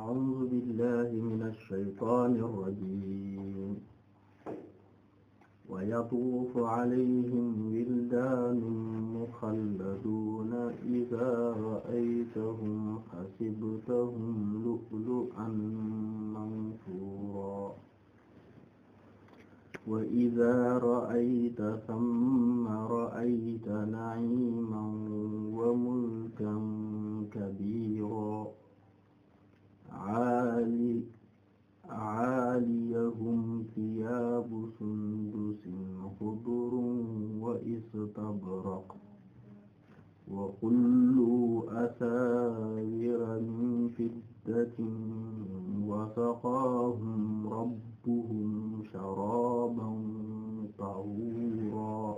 أعوذ بالله من الشيطان الرجيم ويطوف عليهم ولدان مخلدون إذا رأيتهم حسبتهم لؤلؤا منثورا وإذا رأيت ثم رأيت نعيما وملكا كبيرا عالي عاليهم ثياب سندس خضر واستبرق وحلوا أساور من فضة وسقاهم ربهم شرابا طهورا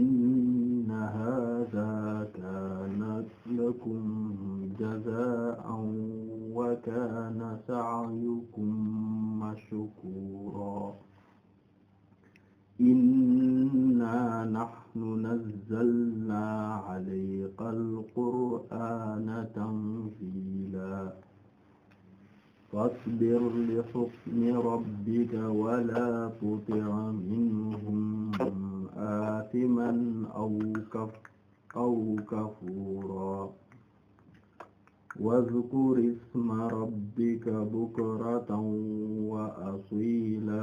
inna haaza kaana lakum jazaa'an wa kaana sa'yukum mashkuuraa inna nahnu nazzalnaa alayka al-qur'aana tanziilaa fasbir li hukmi rabbika wala tuti' minhum aathiman aw kaf aw kafuura wazkur isma rabbika bukratan wa asiila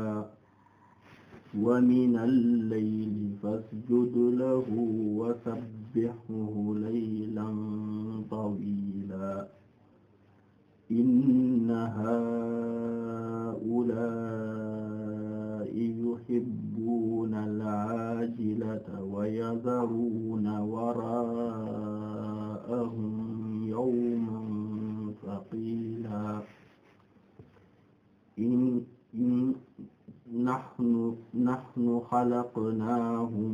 wa minal layli fasjud lahu wasabbihu laylan tawiila inna haa'ulaa'i yuhibbuuna al-'aajilata wa yadharuuna waraa'ahum yawman thaqiilaa نحن نحن خلقناهم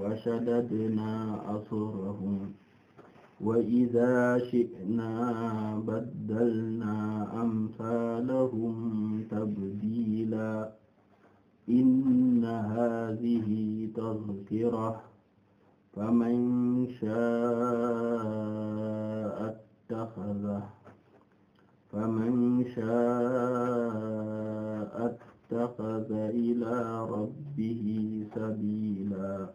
وشددنا أسرهم وإذا شئنا بدلنا أمثالهم تبديلا إن هذه تذكرة فمن شاء اتخذ فمن شاء اتخذ إلى ربه سبيلا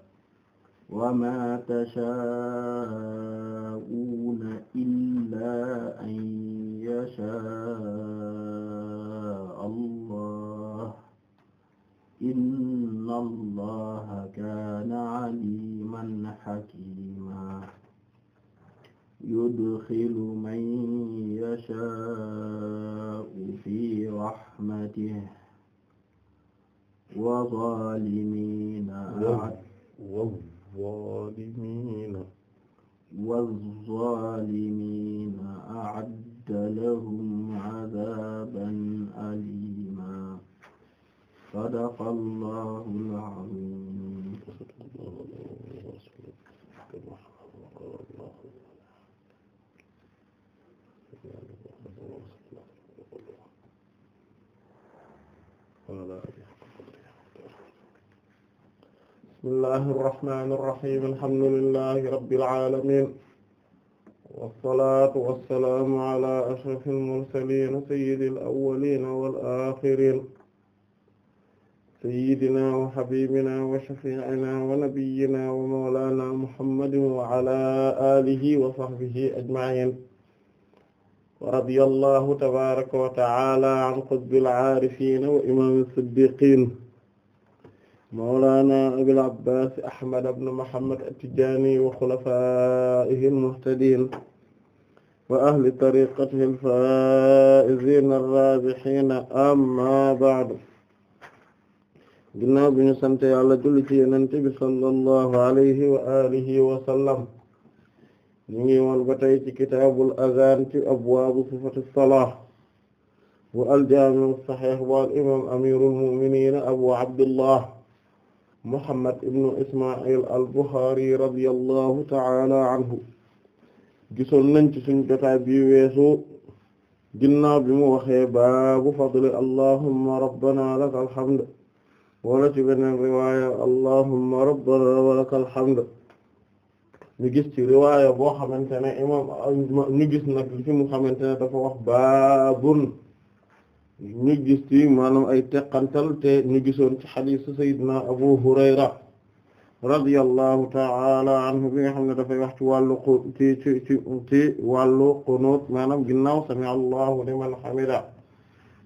وما تشاءون إلا أن يشاء الله إن الله كان عليما حكيما يدخل من يشاء في رحمته وظالمين أعد والظالمين والظالمين أعد لهم عذابا أليما صدق الله العظيم bismillahi irrahmani irrahim alhamdulillahi rabbil alamin wassalatu wassalaamu ala ashraf almursalin sayidi al awalin wal axirin sayidina wa xabibina wa shafiina wa nabiyina wa mawlana muhammadin wa ala alihi wa sahbihi ajmain wa radiya allahu tabaraka wa taala an qutbil aarifin wa imam siddiqin mawlaana abil abbaas ahmad ibn muhammad at-tijaani wa xulafaa'ihi al-muhtadiin wa ahli tariiqatihi al-faa'iziina ar-raabihiina ammaa ba'du ginnaaw bi ñu sant Yàlla julli ci Yonent bi sallallahu alayhi wa aalihi wa sallam ñu ngi woon ba tey ci kitaabul azaan ci abwaabu sifati salaat wa al-jaami' as-sahiih wa al-imaam amiirul mu'miniin abu abdillah Muhammad ibnu Isma'il al-Bukhari radiyallahu ta'ala anhu gisoon nañ ci suñu jotaay bi weesu ginnaaw bi mu waxee baabu fadli allahumma rabbana lakal hamd wala ci beneen riwaaya allahumma rabbana walakal hamd ñu gis ci riwaaya boo xamante ne imam ñu gis nag fi mu xamante dafa wax baabun ñu gis ci maanaam ay teqantal te ñu gisoon ci xadiisu sayyidina Abu Hurayra radiyallahu ta'ala anhu bi nga xam ne dafay wax ci wàllu ci ci ci ci wàllu qunut maanaam ginnaaw sami allahu liman hamida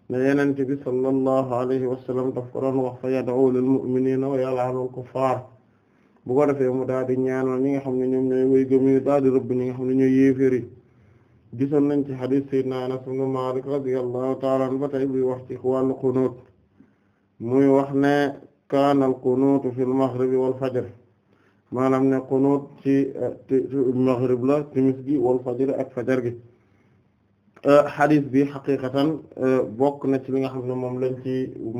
ne yenente bi sallallahu alayhi wa sallam daf wax fa yad'u lil mu'minina wa al kuffar bu ko defee mu daal di ñaanal ñi nga xam ne ñoom ñooy way gëm yi daal di rëbb ñi nga xam gisoon nañ ci hadith sayyidina Anas ibn Malik radiyallahu ta'ala anhu ba tey buy wax ci wàllu qunut muy wax ne kaana al qunut fi al wal fajr maanaam ne qunut ci maghrib la timis gi wal fajr ak fajar gi hadith bi xaqiqatan bokk na ci li nga xam ne moom lañ ci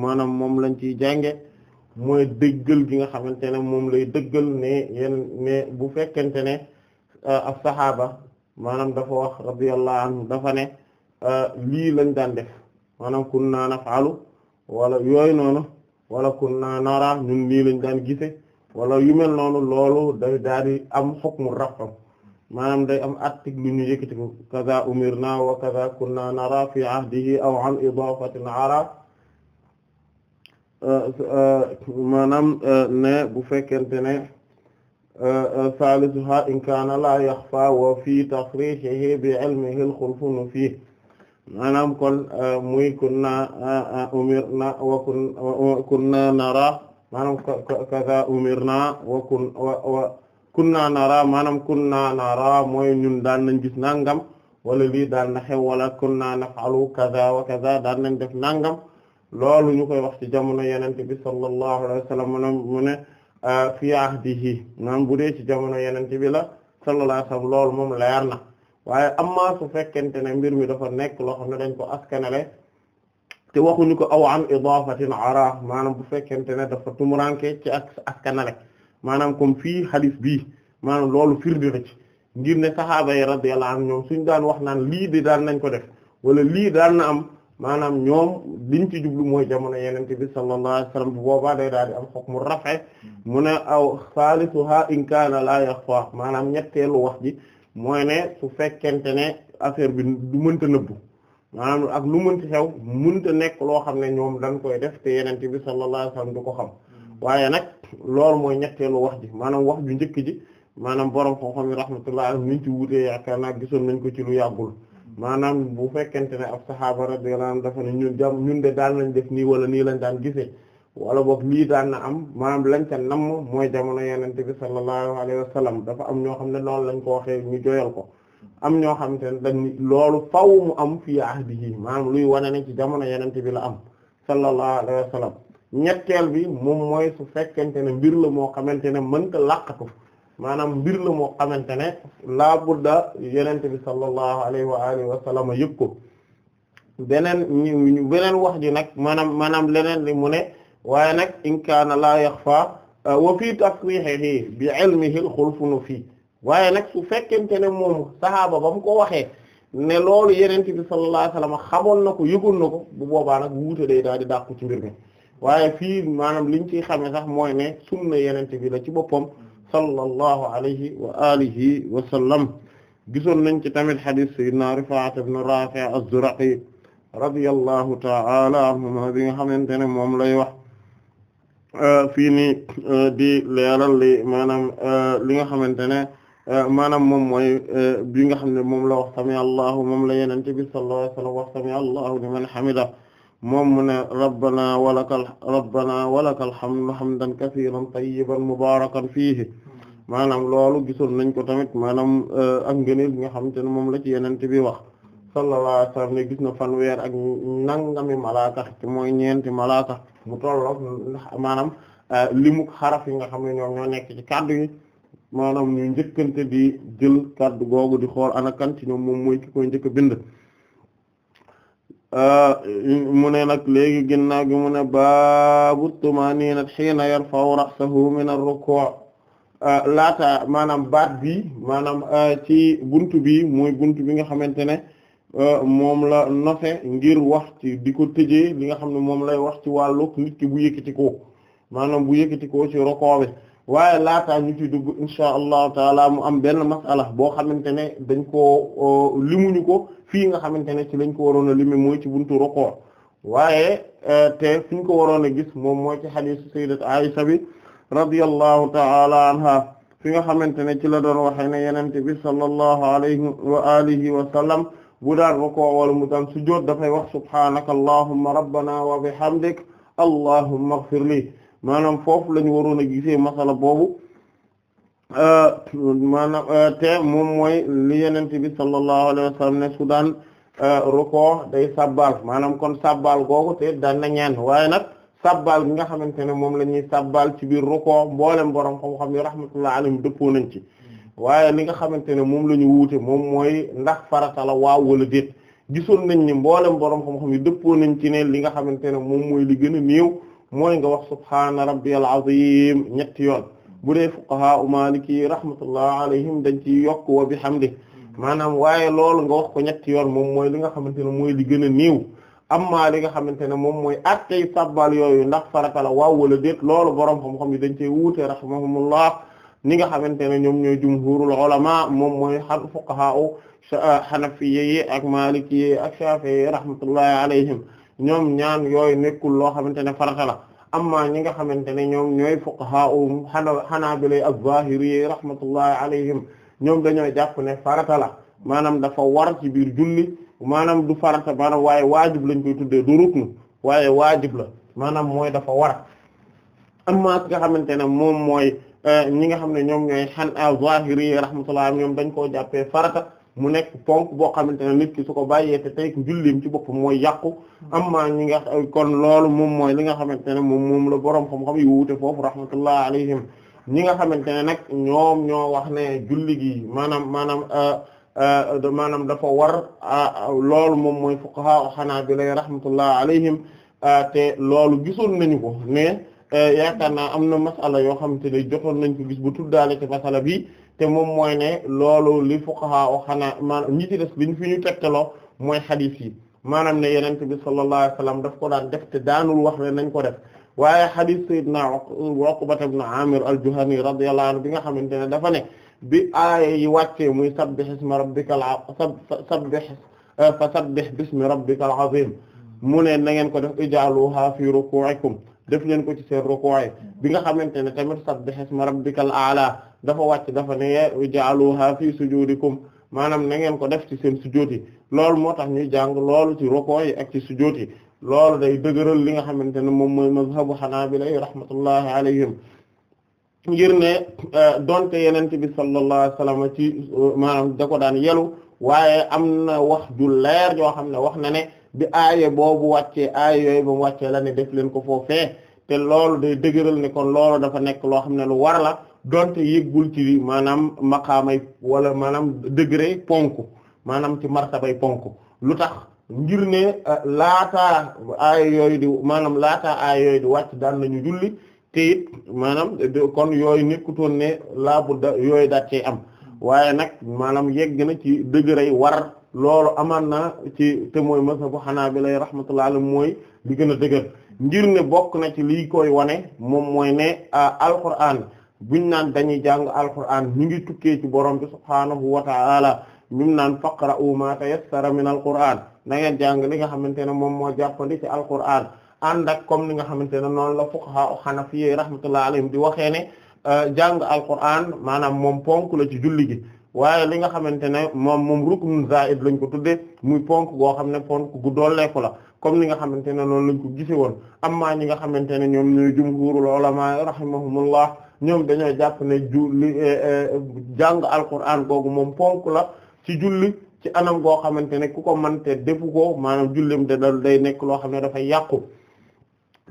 maanaam moom lañ ciy jànge mooy dëggal gi nga xamante ne moom lay dëggal ne yéen bu fekkente ne as saxaaba maanaam dafa wax radiyallahu anhu dafa ne euh, lii lañ daan def maanaam kunna naf'alu wala yooyu noonu wala kunna nara ñun lii lañ daan gise wala yu mel noonu loolu day daal di am hukmu rafa maanaam day am article lu ñu yëkkati ko kaza umirna wa kaza kunna nara fi ahdihi aw an idafatin ara euh, euh, maanaam ne bu fekkente ne salisuha in kaana la yaxfa wa fi tafrixihi bi ilmihi alxulfunu fii maanaam kon muy kunna umirna wa kunna nara maanaam kaza umirna wa kun wa kunna nara maanaam kunna nara mooy ñun daan nañ gis nangam wala lii daan na xew wala kunna nafalu kaza wa kaza daan nañ def nangam loolu ñu koy wax ci jamono yenente bi sallallahu alayhi wa sallam mu ne fi ahdihi maanaam bu dee ci jamono yeneen ci bi la sallallahu alayhi wa loolu moom leer na waaye amma su fekkente ne mbir mi dafa nekk loo xam ne dañ ko askanale te waxuñu ko aw an idaafatin ara maanaam bu fekkente ne dafa tumuranke ci ak askanale maanaam kom fii hadith bii maanaam loolu firdi na ci ngir ne sahaaba yi radiyallahu anhum ñoom suñ daan wax naan lii di daan nañ ko def wala lii daan na am maanaam ñoom liñ ci jublu mooy jamono yenente bi sallallahu alayhi wasallam bu boobaa day daal di am hukmu raf'i mu ne aw salisuha in kaana la maanaam ñetteelu wax ji mooy ne su fekkente ne affaire bi du mënta nëbbu maanaam ak lu mënta xew mënta nekk loo xam ne ñoom dañ koy def te yenente bi sallallahu alayhi wasallam du ko xam waaye nag loolu mooy ñetteelu wax ji maanaam wax ju njëkk ji maanaam borom xam-xam yi rahmatullah alayhi niñ ci wuutee yaakaar naa gisoon nañ ko ci lu yàggul maanaam bu fekkente ne ab saxaaba radiyallahu anhu dafa ne ñun de daan lañ def nii wala nii lañ daan gisee wala boog lii daan na am maanaam lañ ca namm mooy jamono yenente bi sallallahu alayhi wa sallam dafa am ñoo xam ne loolu lañ ko waxee ñu joyal ko am ñoo xam ne dañ loolu faw mu am fii ahdihi maanaam luy wane ne ci jamono yenente bi la am sallallahu alayhi wa ñetteel bi moom mooy su fekkente ne mbir la moo xamante ne mën mënta làqatu maanaam mbir la moo xamante ne laa budda yenent bi sallallahu alayhi wa alihi wa sallam yëg beneen ñu beneen wax ji nag maanaam maanaam leneen li mu ne waaye nag in kaana laa yaxfa uh, wa fii tasrihihi bi ilmihi al-khulfun fii waaye nag su fekkente ne moom sahaaba ba mu ko waxee ne loolu yenent bi sallallahu alayhi wa sallam xamoon na ko yëgoon na ko bu boobaa nag wuute day daal di dàqu ci mbir mi waaye fii maanaam liñ ciy xamee sax mooy ne sunna yenent bi la ci boppam sallallahu alayhi wa alihi wa sallam gisoon nañ ci tamit xadis sayyidina Rifaa'a ibn Raafi' az-Zuraqi radiyallahu ta'ala anhuma bi nga xamante ne moom lay wax euh, fii ni euh, di leeral li maanaam euh, li nga xamante ne maanaam moom mooy bi nga xam ne moom la wax sami allahu moom la yenente bi sallallahu alayhi wa sallam wax sami allahu liman hamida moom mu ne rabbana walakal rabbana walakal hamdu hamdan kasiiran tayyiban mubaarakan fiihi maanaam loolu gisoon nañ ko tamit maanaam euh, ak ngëneel bi nga xamante ne moom la ci yeneen bi wax sallallahu alayhi wa sallam ne gis na weer ak nangami malaaka mooy ñeenti malaaka mu tollook maanaam euh, limuk xaraf yi nga xam ne ñoom nekk ci kaddu yi maanaam ñu njëkkante di jël kaddu googu di xool ana kan ñoom mooy ki koy njëkk a bind. Euh, mu ne nag léegi ginnaaw gi mu ne baabu tumaaniina hiina yarfa'u ra'sahu min ar-ruku' Euh, laata maanaam baat bi maanaam euh, ci bunt bi mooy buntu bi nga xamante ne euh, moom la nofe ngir wax ci di ko tëjee li nga xam ne moom lay wax ci wàllu nit bu bu ko maanaam bu ko ci rokoo bi waaye laataa ñu ci dugg insha allahu taala mu am benn masala boo xamante ne dañ koo limuñu ko fii nga xamante ne ci lañ ko waroon a limi mooy ci buntu rokoo waaye te fi ñu ko waroon a gis moom mooy ci hadith sayyidat Aisha bi radiyallahu ta'ala anha fi nga xamante ne ci la doon waxee ne yenente bi sallallahu alayhi wa alihi wa sallam bu daan rukoo wala mu daan sujjóot dafay wax subhaanaka allahumma rabbana wa bihamdik allahumma ighfir li maanaam foofu lañu waroon a gisee masala boobu euh, maanaam euh, te moom mooy li yenente bi sallallahu alayhi wa sallam ne su daan euh, rukoo day sabbal maanaam kon sabbal googu te daan na ñaan waaye nag sabbal gi nga xamante ne moom la ñuy sabbal ci biir rukkoo mboolem borom xam-xam yi rahmatullah alayhim dëppoo nañ ci waaye li nga xamante ne moom la ñu wuute moom mooy ndax farata la waaw wala déet gisoon nañ ni mboolem borom xam-xam yi dëppoo nañ ci ne li nga xamante ne moom mooy li gën a néew mooy nga wax subhaana rabbiyal azim ñetti yoon bu dee fuqaha u maliki rahmatullah alayhim dañ ci yokk wa bihamdi maanaam waaye loolu nga wax ko ñetti yoon moom mooy li nga xamante ne mooy li gën a néew amma li nga xamante ne moom mooy attey sabbal yooyu ndax farata la waaw wala déet loolu boroom xam-xam yi dañ cee wuute rahimahumullah ni nga xamante ne ñoom ñooy jumhurul ulama moom mooy xan fuqaha u xanafiye ah, yi ak maliki yi ak shafi'i rahmatullahi alayhim ñoom ñaan yooyu nekkul loo xamante ne farata la amma ñi nga xamante ne ñoom ñooy fuqaha u xana xanaabila ak zahiri yi rahmatullahi alayhim ñoom dañoo jàpp ne farata la maanaam dafa war ci biir julli maanaam du farata maanaam waaye waajib lañ koy tuddee du waaye waajib la maanaam mooy dafa war amma ki nga xamante ne moom mooy euh, ñi nga xam ne ñoom ñooy xan a euh, zahiri rahmatullah ñoom dañ koo jàppee farata mu nekk ponk boo xamante ne nit ki ko bàyyee te tey jullim ci boppam mooy yàqu amma ñi nga kon loolu moom mooy li nga xamante ne moom moom la boroom xam-xam yu wuute foofu rahmatullah alayhim ñi nga xamante ne nag ñoom ñoo wax ne julli gi maanaam maanaam euh, Euh, maanaam dafa war euh, loolu moom mooy fuqaha hanabila rahmatullah alayhim euh, te loolu gisoon nañu ko mais yaakaar naa am na masala yoo xamante ne jotoon nañ ko gis bu tuddaale ci masala bi te moom mooy ne loolu li fuqaha xanaa maanaam ñi ci des liñ fi ñu tegtaloo mooy xadiis yi maanaam ne yenent bi sallallahu alayhi wasallam daf ko daan def te daanul wax ne nañ ko def waaye xadiis sayyidina Uqbata ibn Amir al-Juhani radiyallahu bi nga xamante ne dafa ne bi aaya yi wàccee muy sabbih isma rabbikal sabbih eh, fa sabbih bismi rabbikal azim mu ne na ngeen ko def ijaaluha fi ruku'ikum def leen ko ci seen ruku'i bi nga xamante ne tamit sabbih isma rabbikal a'la dafa wàcc dafa ne ijaaluha fi sujudikum maanaam na ngeen ko def ci seen sujoot yi loolu moo tax ñuy jàng lool ci ruku yi ak ci sujoot yi loolu day dëgëral li nga xamante ne moom mooy mazhabu hanaabila rahmatullahi alayhim ngir ne eh, donte yenent bi sallallahu alayhi wasallam ci eh, maanaam da daan yelu waaye am na wax ju leer yoo xam ne wax na ne bi aaye boobu wàccee aaye mu wàccee la ne def leen ko foofee te loolu day dëgëral ne kon loolu dafa nekk loo xam ne lu war la donte yëggul ci maanaam maqaamay wala maanaam degré ponk maanaam ci martabay ponk lu tax ngir ne eh, laata aaye yooyu di maanaam laata aaye yooyu di wàcc daan nañu julli te it maanaam kon yooyu nekkutoon ne laabu da yooyu daat cee am waaye nag maanaam yegg na ci dëgëray war loolu amaan na ci te mooy xanaa mazhabu Hanaabila rahmatullah alayhi mooy di gën a dëgër ngir ne bokk na ci lii koy wane moom mooy ne alquran buñ naan dañuy jàng alquran ñu ngi tukkee ci borom bi subhaanahu wa ta'ala ñum naan faqra'u ma tayassara min alquran na ngeen jàng li nga xamante ne moom moo jàppandi ci alquran ànd ak comme ni nga xamante ne noonu la fuqaha xanafi rahmatullahi alayhim di waxee ne euh, jàng alquran maanaam moom ponk la ci julli gi waaye li nga xamante ne moom moom ruknun zaid ko tuddee muy ponk goo xam ne ponk gu dooleeku la comme ni nga xamante ne noonu lañ ko gise woon amma ñi nga xamante ne ñoom ñooy jumhurul ulama rahimahumullah ñoom dañoo jàpp ne julli euh, euh, jàng alquran googu moom ponk la ci julli ci anam goo xamante ne ku ko mante defu ko maanaam jullim de day nekk loo xam ne dafay yàqu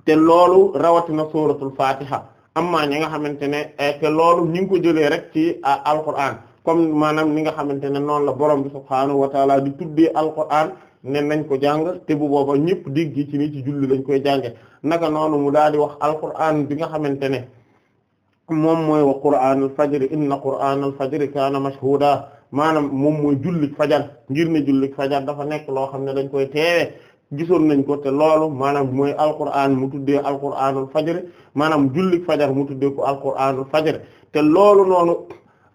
te loolu rawatina suratul fatiha amma ñi nga xamante ne eh, te loolu ñu ko jëlee rek ci alquran comme maanaam ni nga xamante ne noonu la borom bi subhaanahu wa taala di tuddee alquran ne nañ ko jàng te bu booba ñëpp digg ci ni ci julli lañ koy jànge naka noonu mu daal di wax alquran bi nga xamante ne moom mooy wa qur'aanal fajri inna qur'aanal fajri kaana mashhuuda maanaam moom mooy jullik fajal ngir ne jullik fajar dafa nekk loo xam ne dañ koy teewee gisoon nañ ko te loolu maanaam mooy alquran mu tuddee alquranul fajr maanaam jullik fajar mu tuddee ko alquranul fajr te loolu noonu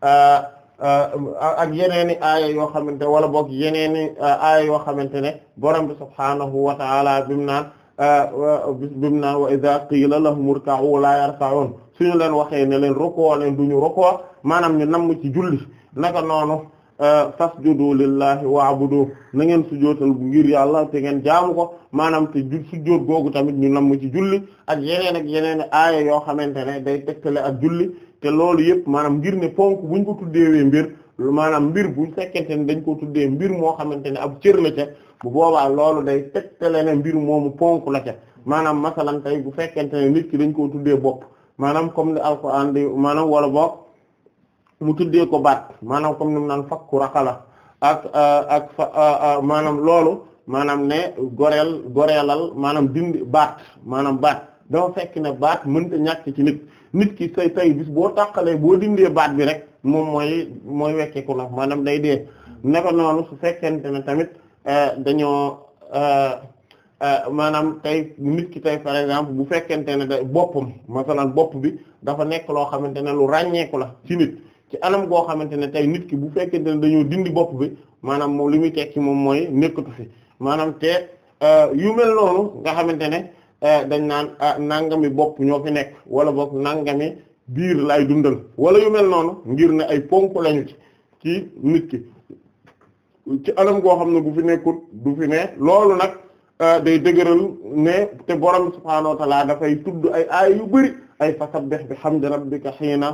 euh, euh, ak yeneeni aaya yoo xamante wala boog yeneeni euh, aaya yoo xamante ne borom bi subhaanahu wa ta'ala bimu naan bimu naan wa idha qila lahum irka'u la yarka'un suñu leen waxee ne leen rukoo leen duñu rukoo maanaam ñu namm ci julli naka noonu Euh, fasjudu lillahi wa'budu na ngeen sujootal ngir yàlla te ngeen jaamu ko maanaam te ju sujoot googu tamit ñu nam ci julli ak yeneen ak yeneen aaya yoo xamante ne day tegtale ak julli te loolu yëpp maanaam ngir ne ponk buñ ko tuddeewee mbir maanaam mbir bu fekkente ne dañ ko tuddee mbir moo xamante ne ab cër la ca bu boobaa loolu day tegtale ne mbir mu ponk la ca maanaam masalan tey bu fekkente ne nit ki dañ koo tuddee bopp maanaam comme ni alquran di maanaam wala bopp mu tuddee ko baat maanaam comme nu mu naan fakku raqala ak euh, ak euh, euh, maanaam loolu maanaam ne goreel goreelal maanaam dindi baat maanaam baat dafa fekk ne baat mënta ñàkk ci nit nit ki say tay bis boo tàqalee boo dindee baat bi rek moom mooy mooy wekkeeku na maanaam day dee naka noonu su fekkente ne tamit dañoo maanaam tey nit ki tey par exemple bu fekkente ne da boppam masalan bopp bi dafa nekk loo xamante ne lu ràññeeku la ci nit ci anam goo xamante ne tey nit ki bu fekkente ne dañoo dindi bopp bi maanaam moom li muy tekki moom mooy nekkatu fi maanaam te euh, yu mel noonu nga xamante ne euh, dañ naan ah, nangami bopp ñoo fi nekk wala boog nangami biir lay dundal wala yu mel noonu ngir ne ay ponk lañu ci ci nit ki ci anam goo xam ne bu fi nekkut du fi ne loolu nag euh, day dëgëral ne te borom subhaanahu wa dafay tudd ay aay yu bari ay fasabbih bihamdi rabbika hiina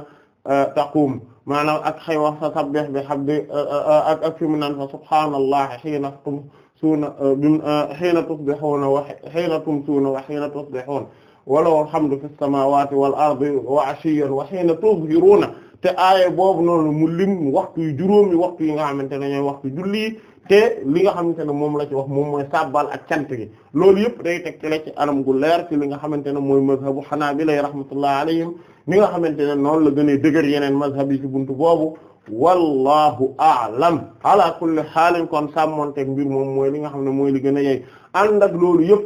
taquum maanaam ak xëy wax fa sabbih bi hamdi euh, euh, euh, ak ak fi mu naan fa subhaanallahi hiina tumsuuna hiina tusbihuuna wa hiina tumsuuna wa hiina tusbihuuna wa lahu alhamdu fis samaawaati wal ardi wa ashiyyan wa hiina tuzhiruuna te aaye boobu noonu mu lim waxtu yu juróomi waxtu yi nga xamante ne ñooy waxtu julli te li nga xamante ne moom la ci wax moom mooy sabbal ak cant gi loolu yëpp day tegtale ci anam leer li nga xamante ne mooy mazhabu xanaabila rahmatullahi alayhim ni nga xamante ne noonu la gën dëgër yeneen mazhab yi ci buntu boobu wallahu a'lam ala kulli xaalin kon sàmmonteeg mbir moom mooy li nga xam ne mooy li gën a yey ànd ak loolu yëpp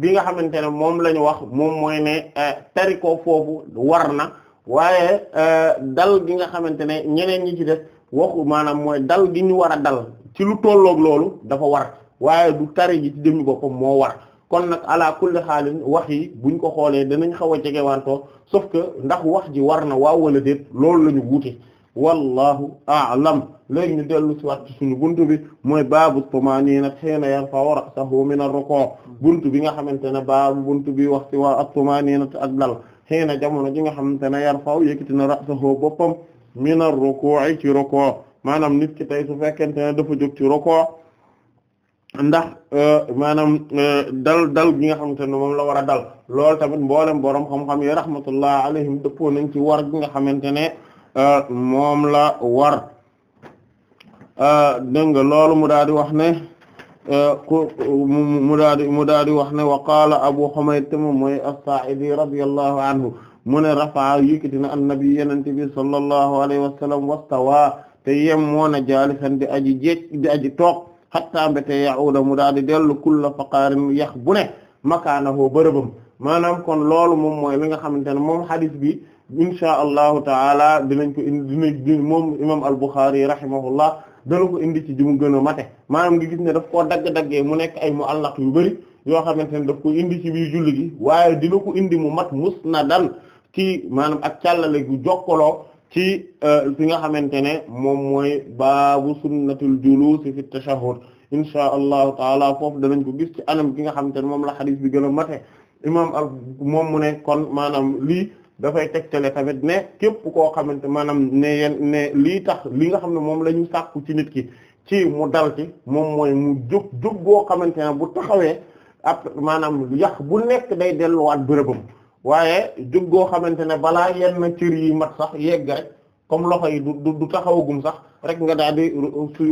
bi nga xamante ne moom la wax moom mooy ne eh, tarikoo foofu war na waaye eh, dal gi nga xamante ne ñeneen ñi ci def waxu maanaam mooy dal gi ñu war a dal ci lu tolloog loolu dafa war waaye du tari ji ci jëmmi boppam moo war kon nag ala kulli wax yi buñ ko xoolee danañ xaw a jegewantoo sauf que ndax wax ji war na waaw wala déet loolu la ñu wuute wallahu a'lam léegi ñu dellu ci wax ci suñu buntu bi mooy baabu tumaaniina hiina yarfa'u ra'sahu min ar-ruku' bunt bi nga xamante ne baabu bunt bi wax ci waa at-tumaaniina ak dal hiina jamono ji nga xamante ne yarfa'u yëkkati na ra'sahu boppam minar ruku'i ci rukuu maanaam nit ki tey su fekkente ne dafa jóg ci rukuu ndax euh, maanaam euh, dal dal gi nga xamante ne moom la war a dal loolu tamit mboolem borom xam-xam yi rahmatullah alayhim dëppoo nañ ci war gi nga xamante ne euh, moom la war dégg nga loolu mu daal di wax ne mu daal di mu daal di wax ne wa qaala Abu Humayd moom mooy as-Sa'idi radiyallahu anhu mu ne rafaa yëkkati na annabi yenente bi sallallahu alayhi wa sallam wastawa te yem moon a jaalisan di aji jeej di aji toog hatta mbete ya'uda mu daal di dellu kulla faqaarin yax bu ne makaanahu bërëbam maanaam kon loolu moom mooy li nga xamante ne moom hadith bi insha allahu taala dinañ ko indi dinañ moom imam al-Bukhari rahimahullah dana ko indi ci ji mu gën a mate maanaam nga gis ne daf koo dagg-daggee mu nekk ay mu'allaq yu bëri yoo xamante ne daf ko indi ci biir julli gi waaye dina ko indi mu mat musnadan kii maanaam ak càllale gu jokkaloo ci euh, fi nga xamante ne moom mooy baabu sunnatul julusi fi tashahhud insha allahu taala foofu danañ ko gis ci anaam gi nga xamante ne moom la xadis bi gën a mate imaam al mu ne kon maanaam lii dafay tegtale tamit ne képp koo xamante maanaam ne lii tax li nga xam ne moom la ñu sàkku ci nit ki ci mu dal ci moom mooy mu jóg jóg boo xamante ne bu taxawee ab maanaam yax bu nekk day delluwaat bërëbam waaye jóg goo xamante ne balaa yenn cër yi mat sax yegg rek comme loxo yi du du taxawagum sax rek nga daal di su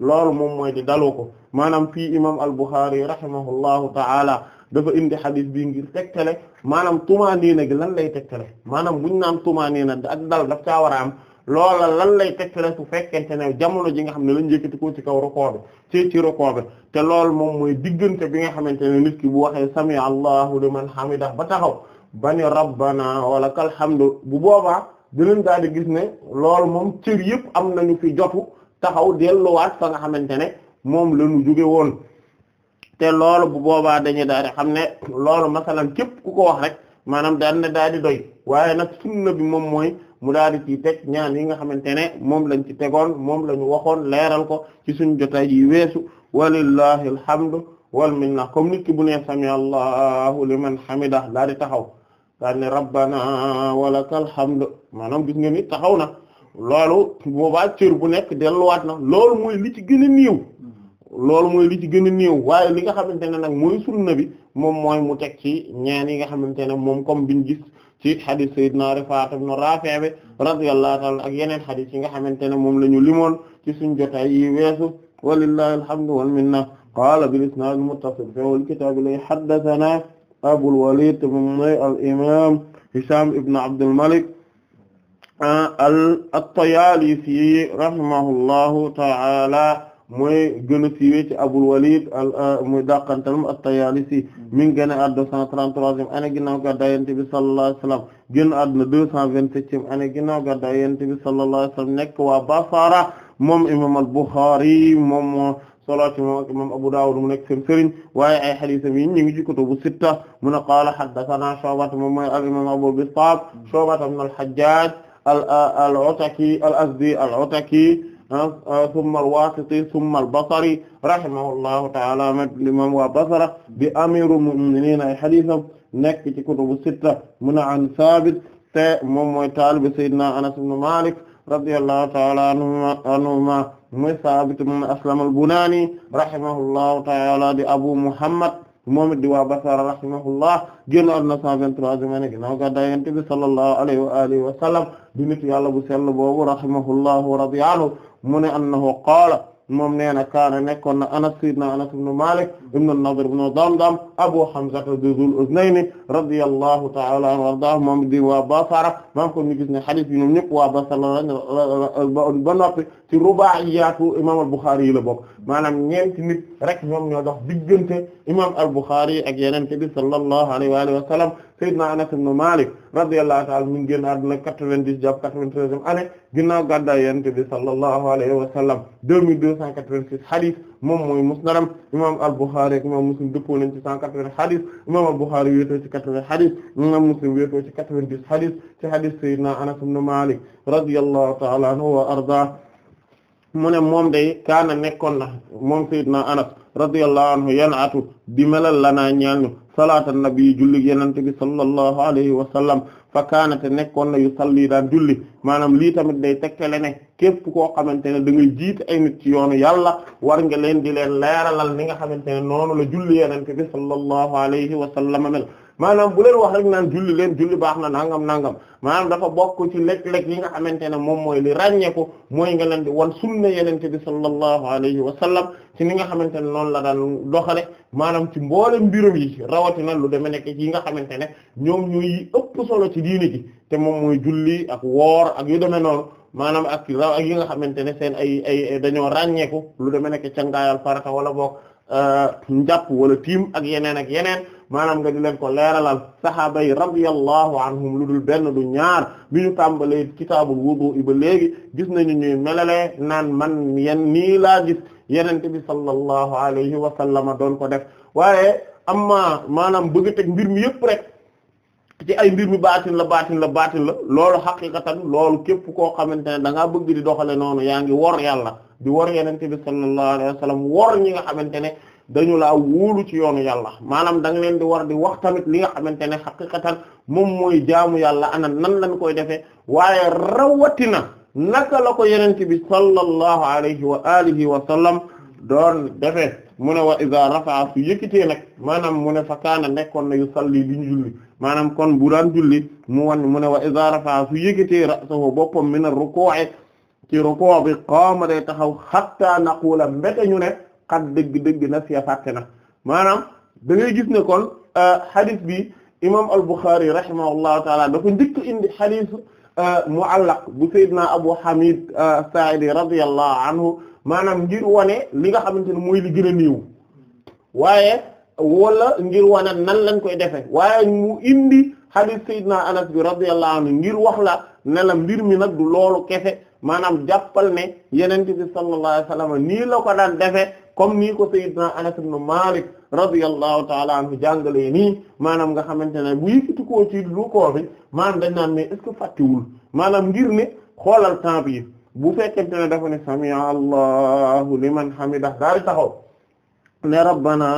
loolu moom mooy di daloo ko maanaam fii imam al-Bukhari rahimahullahu ta'ala dafa indi xadis bii ngir tegtale maanaam tumaaniina gi lan lay tegtale maanaam buñ naan tumaaniina ak dal daf caa war am loola lan lay tegtale bu fekkente ne jamono ji nga xam ne lañ yëkkati ko ci kaw rokoo bi ci ci rokoo te lool moom mooy diggante bi nga xamante ne nit ki bu waxee sami allahu liman hamida ba taxaw bani rabbana wala kal bu boobaa dinañ daal di gis ne loolu moom cër yëpp am nañu fi jotu taxaw delluwaat fa nga xamante ne moom la ñu woon te loolu bu boobaa dañuy daal di xam ne loolu masalan képp ku ko wax rek maanaam daan na daal di doy waaye nag sunna bi moom mooy mu daal di ciy teg ñaan yi nga xamante ne moom lañ ci tegoon moom la ñu waxoon leeral ko ci suñ jotaay yi weesu walillahi alhamdu wal minna comme nit ki bu ne sami allahu liman hamida daal di taxaw daal ne rabbana walakal hamdu maanaam gis nga ni taxaw na loolu boobaa cër bu nekk delluwaat na loolu mooy li ci gën a néew loolu mooy li ci gën a néew waaye li nga xamante ne nag mooy sunna bi moom mooy mu teg ci ñaan yi nga xamante ne moom comme biñ gis ci xadis Seydina Rifaa'a ibn Raafi' bi radiyallahu ta'ala ak yeneen xadis yi nga xamante ne moom la ñu limoon ci suñu jotaay yi weesu walillahi alhamdu wal minna qaala bil isnaad al-muttasil fil kitaab li haddathanaa Abul Waliid moom mooy al-imaam Hishaam ibn Abdul Malik ah, al-Tayaalisi rahimahullahu ta'ala mooy gën a siiwee ci Abul Walid al euh, muy dàqantalam at-Tayalisi mm-hmm. mi ngi génn àdduna 233e année ginnaaw gàddaay Yonent bi sallallahu alayhi wasallam génn àdduna 227e année ginnaaw gàddaay Yonent bi sallallahu alayhi wasallam nekk waa Basra moom imam al-Bukhari moom moo solo ci moom ak imam Abu Dawud mu nekk seen sëriñ waaye ay hadiisam yi ñu ngi ci kutubu sitta mun a qaala haddathanaa Shu'bata moom mooy al-imam Abu Bistaam mm-hmm. Shu'bata ibn al-Hajjaj al euh, al-Ataki al-Azdi al-Ataki thumma al-Waaqidi thumma al-Basri rahimahullahu ta'ala ma imam waa Basra bi amiirul mu'miniin ay hadiisam nekk ci kutubu sitta mu ne an Saabit te moom mooy taalibe Seydina Anas ibn Maalik radiyallahu ta'ala anhuma mooy Saabit ibn Aslam al-Bunaani rahimahullahu ta'ala di Abu Muhammad moom it di waa Basra rahimahullah génn àdduna 123e année ginnaaw gàddaay Yonent bi sallallahu alayhi wa alihi wa sallam di nit yàlla bu sell boobu rahimahullah wa radiya anhu mu ne annahu qaala moom nee na kaana nekkoon na Anas sidna Anas ibn Malik ibn an-Nadr ibn Damdam Abu Hamza Dhul Uznayni radiyallahu ta'ala anhu warda moom di waa Basra maa ngi ko ñu gis ne hadith yi ñoom ñëpp waa Basra lañ ba noppi ci rubaa'iyaatu imam al-Bukhari yi la bokk maanaam ñeenti nit rek ñoom ñoo dox diggante imam al-Bukhari ak yeneen bi sallallahu alayhi wa alihi wa sallam sayyidina Anas ibn Malik radiyallahu ta'ala min génn àdduna 90 jàpp 93e année ginnaaw gàddaay yenente bi sallallahu alayhi wa Anas ibn Malik radiyallahu ta'ala anhu wa arda mu ne moom day kaana nekkoon na moom sayyidna anas radiyallahu anhu yanatu di melal lanaa ñaan ñu salaata nabi julli yenante bi sallallahu alayhi wa sallam fa kaanate nekkoon na yu salli daan julli maanaam lii tamit day tekkale ne képp koo xamante ne da ngay jiite ay nit ci yoonu yàlla war nga leen di leen leeralal ni nga xamante ne noonu la julli yenante bi sallallahu alayhi wa sallam mel maanaam bu leen wax rek naan julli leen julli baax na nangam nangam maanaam dafa bokk ci lekk-lekk yi nga xamante ne moom mooy li ràññeeku mooy nga lan di wan sunna yenente bi sallallahu alayhi wa sallam ci ni nga xamante ne noonu la daan doxale maanaam ci mboole mbiram yi rawatina lu deme nekk yi nga xamante ne ñoom ñooy ëpp solo ci diini ji te moom mooy julli ak woor ak yu demee noon maanaam ak raw ak yi nga xamante ne seen ay ay dañoo ràññeeku lu deme nekk cangaayal farata wala boog euh, njàpp wala tiim ak yeneen ak yeneen maanaam nga di leen ko leeralal sahaaba yi radiyallahu anhum lu dul benn du ñaar bi ñu tàmbalee kitaabul wudu ba léegi gis nañu ñuy melale naan man yen nii laa gis yenente bi sallallahu alayhi wa sallama doon ko def waaye amma maanaam bëgg tek mbir mi yëpp rek ci ay mbir mi baatin la baatin la baatin la loolu xaqiqatan loolu képp koo xamante ne da ngaa bëgg di doxale noonu yaa ngi wor yàlla di wor yenente bi sallallahu alayhi wa sallam wor ñi nga xamante ne dañu laa wóolu ci yoonu yàlla maanaam da leen di war di wax tamit li nga xamante ne xaqiqatan moom mooy jaamu yàlla ana nan lañ koy defee waaye rawatina naka la ko yeneen bi sallallahu alayhi wa alihi wa sallam doon defee mu ne wa iza rafa'a su yëkkitee nag maanaam mu ne fa kaana nekkoon na yu salli di julli maanaam kon bu daan julli mu wan mu ne wa iza rafa'a su yëkkitee ra'sahu boppam min ar-ruku'i ci ruku' bi qaama day taxaw hatta naqula mbete ñu ne xat dëgg-dëgg nasiya fàtte na maanaam da ngay gis ne kon euh, xadis bi imam al-Bukhari rahimahullahu taala dafa njëkk indi xadis euh, muallaq bu sayyidina Abu Hamid euh, Sa'idi radiyallahu anhu maanaam ngir wane li nga xamante ne mooy li gën a néew wala ngir wane nan lañ koy defe waaye mu indi xadis sayyidina Anas bi radiyallahu anhu ngir wax la ne la mi nag du loolu kese maanaam jàppal ne yenente bi sallallahu alayhi defe comme nii ko sayyidna Anas ibn Malik radiyallahu taala anhu jàngalee nii maanaam nga xamante ne bu yëkkatikoo ci lu koo bi maanaam dañ naan mais est-ce que fàttewul maanaam ngir ne xoolal temps bi bu fekkente ne dafa ne sami'a Allahu liman hamidah daal di taxaw ne rabbana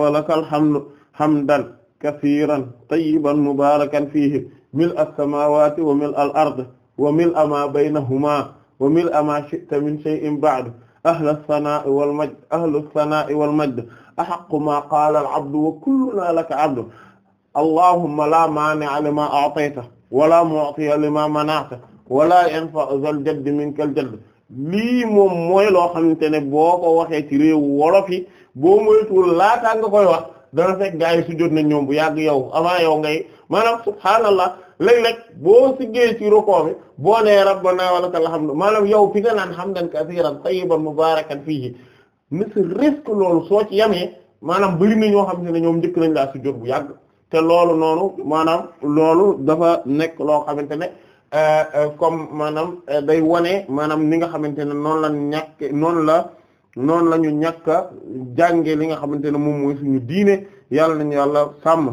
wa lakal hamdu hamdan kasiiran tayyiban mubarakan fihi mil as-samawati wa mil al-ard wa mil ma baynahuma wa mil ma shi'ta min shay'in ba'du ahla sanaa'i wal majd ahla sanaa'i wal majd ahaqqu maa qaala al abdu wa kullunaa laka abdu allahumma laa maani'a limaa a'tayta wala mu'tiya limaa mana'ta wala yanfa'u zal jaddi minkal jadd lii moom mooy loo xamante ne boo ko waxee ci réewu wolof yi boo moytuwul laataa nga koy wax dana fekk gaa yi su jot na ñoom bu yàgg yow avant yow ngay maanaam subhaanallah léeg-léeg boo siggee ci rukoo bi boo nee rabbana wa lakal hamdu maanaam yow fi nga naan xam hamdan kasiiran tayyiban mubaarakan fiihi ne ce risque loolu soo ci yamee maanaam bëri ñoo xam ne ñoom njëkk nañ laa sujjóot bu yàgg te loolu noonu maanaam loolu dafa nekk xamante ne euh, euh, comme maanaam euh, day wane maanaam ni nga xamante ne noonu la ñàkk noonu la noonu la ñu ñàkk jànge li nga xamante ne moom mooy suñu diine yàlla nañu yàlla sàmm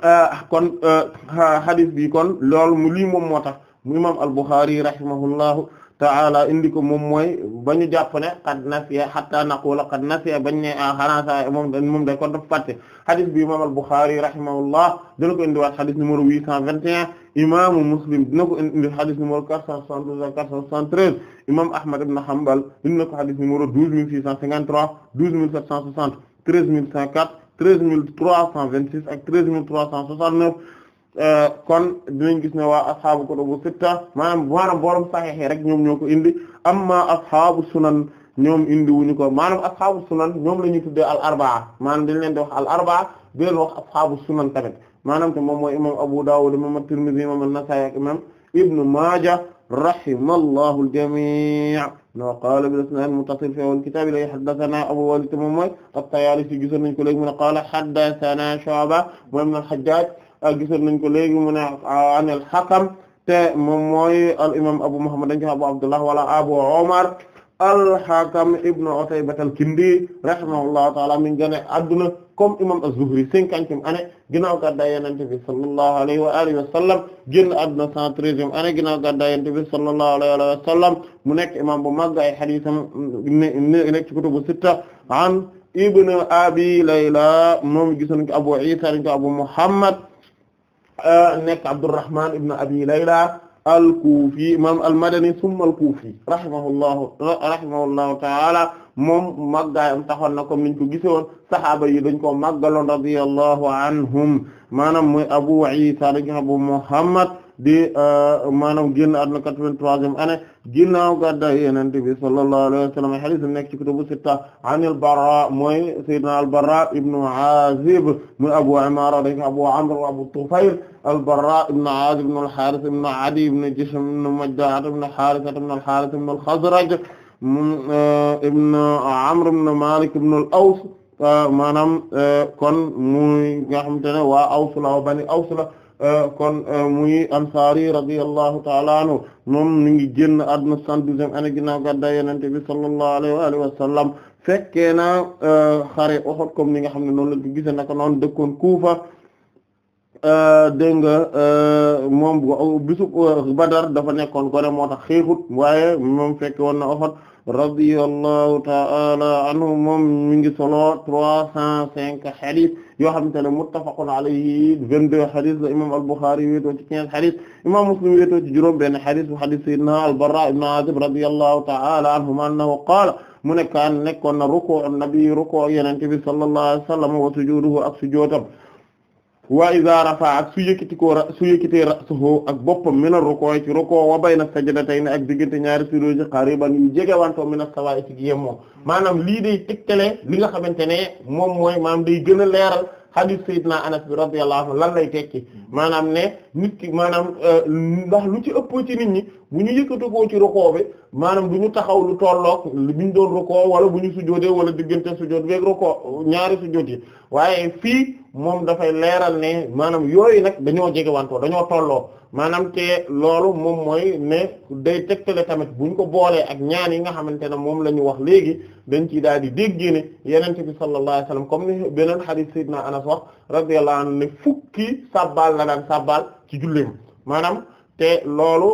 Euh, kon euh, hadith bi kon loolu mu lii moom moo tax mu imam al-Bukhari rahimahullahu ta'ala indi ko moom mooy ba ñu jàpp ne qad nasiya hatta naqula qad nasiya bañ ne ah xanaa saa moom moom day kon dafa fàtte hadith bi imam al-Bukhari rahimahullah dina ko indiwaat hadith numéro 821 imaamu Muslim dina ko indi hadith numéro 472 ak 473 imam Ahmad ibn Hanbal dina ko hadith numéro 12653 12760 13104 treize mille trois cent vingt-six ak treize mille trois cent soixante-neuf euh, kon dinañ gis ne waa ashaabu kutubu sitta maanaam maanaam borom saxiix rek ñoom ñoo ko indi amma ashaabu sunan ñoom indi wuñu ko maanaam ashaabu sunan ñoom la ñuy tuddee al arbaa maanaam dañ leen di wax al arbaa di leen wax ashaabu sunan tamit maanaam te moom mooy imam Abu Dawud imam at-Tirmidhi imam an-Nasa'i ak imam Ibn Maaja rahimallahu al-jamii' no qaala bi isnaad muttasil fi awwal kitaab la haddathana Abu Walid te moom mooy at-Tayaalisi gisoon nañ ko léegi mu ne qaala haddathana Shu'ba moom ibn al-Hajjaaj ah, gisoon nañ ko léegi mu ne an al-Hakam te moom mooy al-imaam Abu Muhammad dañ ko Abu Abdullah wala Abu Umar al-Hakam ibn Utaybah al-Kindi rahimahullahu ta'ala min gane adduna comme imam az-Zuhri cinquantième année ginnaaw gàddaay Yonent bi sallallahu alayhi wa alihi wa sallam génn àdduna cent treizième année ginnaaw gàddaay Yonent bi sallallahu alayhi wa sallam mu nekk imam bu màgg ay hadiisam nekk ci kutubu sitta an ibn abi layla moom gisoon ko abu Isa ko abu Muhammad ah, nekk Abdurrahman ibn abi layla al-Kufi imam al-Madani summa al-Kufi rahimahullahu rahimahullahu ta'ala moom màggaayam taxoon na comme niñ ko gisoon saxaaba yi dañ ko màggaloon radiyallahu anhum maanaam mooy Abu Isa dañ ko Abu Muhammad di euh, maanaam génn àdduna quatre-vingt-troisième année ginnaaw gàddaay Yonent bi sallallahu alayhi wa sallam hadiis nekk ci kutubu sitta an al-Baraa mooy Seydina al-Baraa ibnu Aazib muy Abu Imaara dañ ko Abu Amr wa Abu Tufayl al-Baraa ibnu Aazib ibnu al-Haaris ibnu Adiy ibnu Jishm ibnu Majda'a ibnu Haaris ibnu al-Haaris al E, ibn Amr ibn Malik ibn al-Aws e, maanaam e, kon muy nga xamante ne waa Aws la waa Bani Aws la kon muy ansari radiyallahu ta'ala anhu moom mi ngi génn àdduna cent douzième année ginnaaw gàddaay Yonent bi sallallahu alayhi wa alihi wa sallam fekkee na xare Uhud comme ni nga xam ne noonu lañ ko gisee noon noonu dëkkoon Kuufa dégg nga moom bisu Badar dafa nekkoon gone moo tax xeexut waaye moom fekke woon na Uhud radiyallahu ta'ala anhu moom mi ngi solo trois cent cinq xadis yoo xamante ne muttafaqun alayhi vingt-deux xadis la imam al-Bukhari wéetoo ci quinze xadis imam Muslim wéetoo ci juróom benn xadis bu xadis sayyidina al-Barra ibn Azib radiyallahu ta'ala anhuma annahu qaala mu nekkaan nekkoon na ruku' an-nabi ruku' yonent bi sallallahu alayhi wa sallam wa sujuduhu ak sujudam wa iza rafa ak su yëkkitikoo ra su yëkkitee ra'suhu ak boppam min ar-ruku' ci ruku' wa bayna sajdatayn ak diggante ñaari sujud yi qariban yu jegewantoo min as-sawa'i ci yemoo maanaam lii day tëkkale li nga xamante ne moom mooy maanaam day gën a leeral hadith sayyidina Anas bi radiyallahu anhu lan lay tekki maanaam ne nit ki maanaam euh, ndax lu ci ëpp ci nit ñi bu ñu yëkkatikoo ci ruku' bi maanaam du ñu taxaw lu tollook bu ñu doon ruku' wala bu ñu sujoodee wala diggante sujood beeg ruku' ñaari sujood yi moom dafay leeral ne maanaam yooyu nag dañoo jege wantoo dañoo tolloo maanaam te loolu moom mooy ne day tegtale tamit buñ ko boolee ak ñaan yi nga xamante ne moom la ñu wax léegi dañ ciy daal di dégg ne yonent bi sallallahu alayhi wasallam comme ni beneen hadith sayyidina Anas wax radiyallahu anhu ne fukki sabbal la daan sabbal ci julleem maanaam te loolu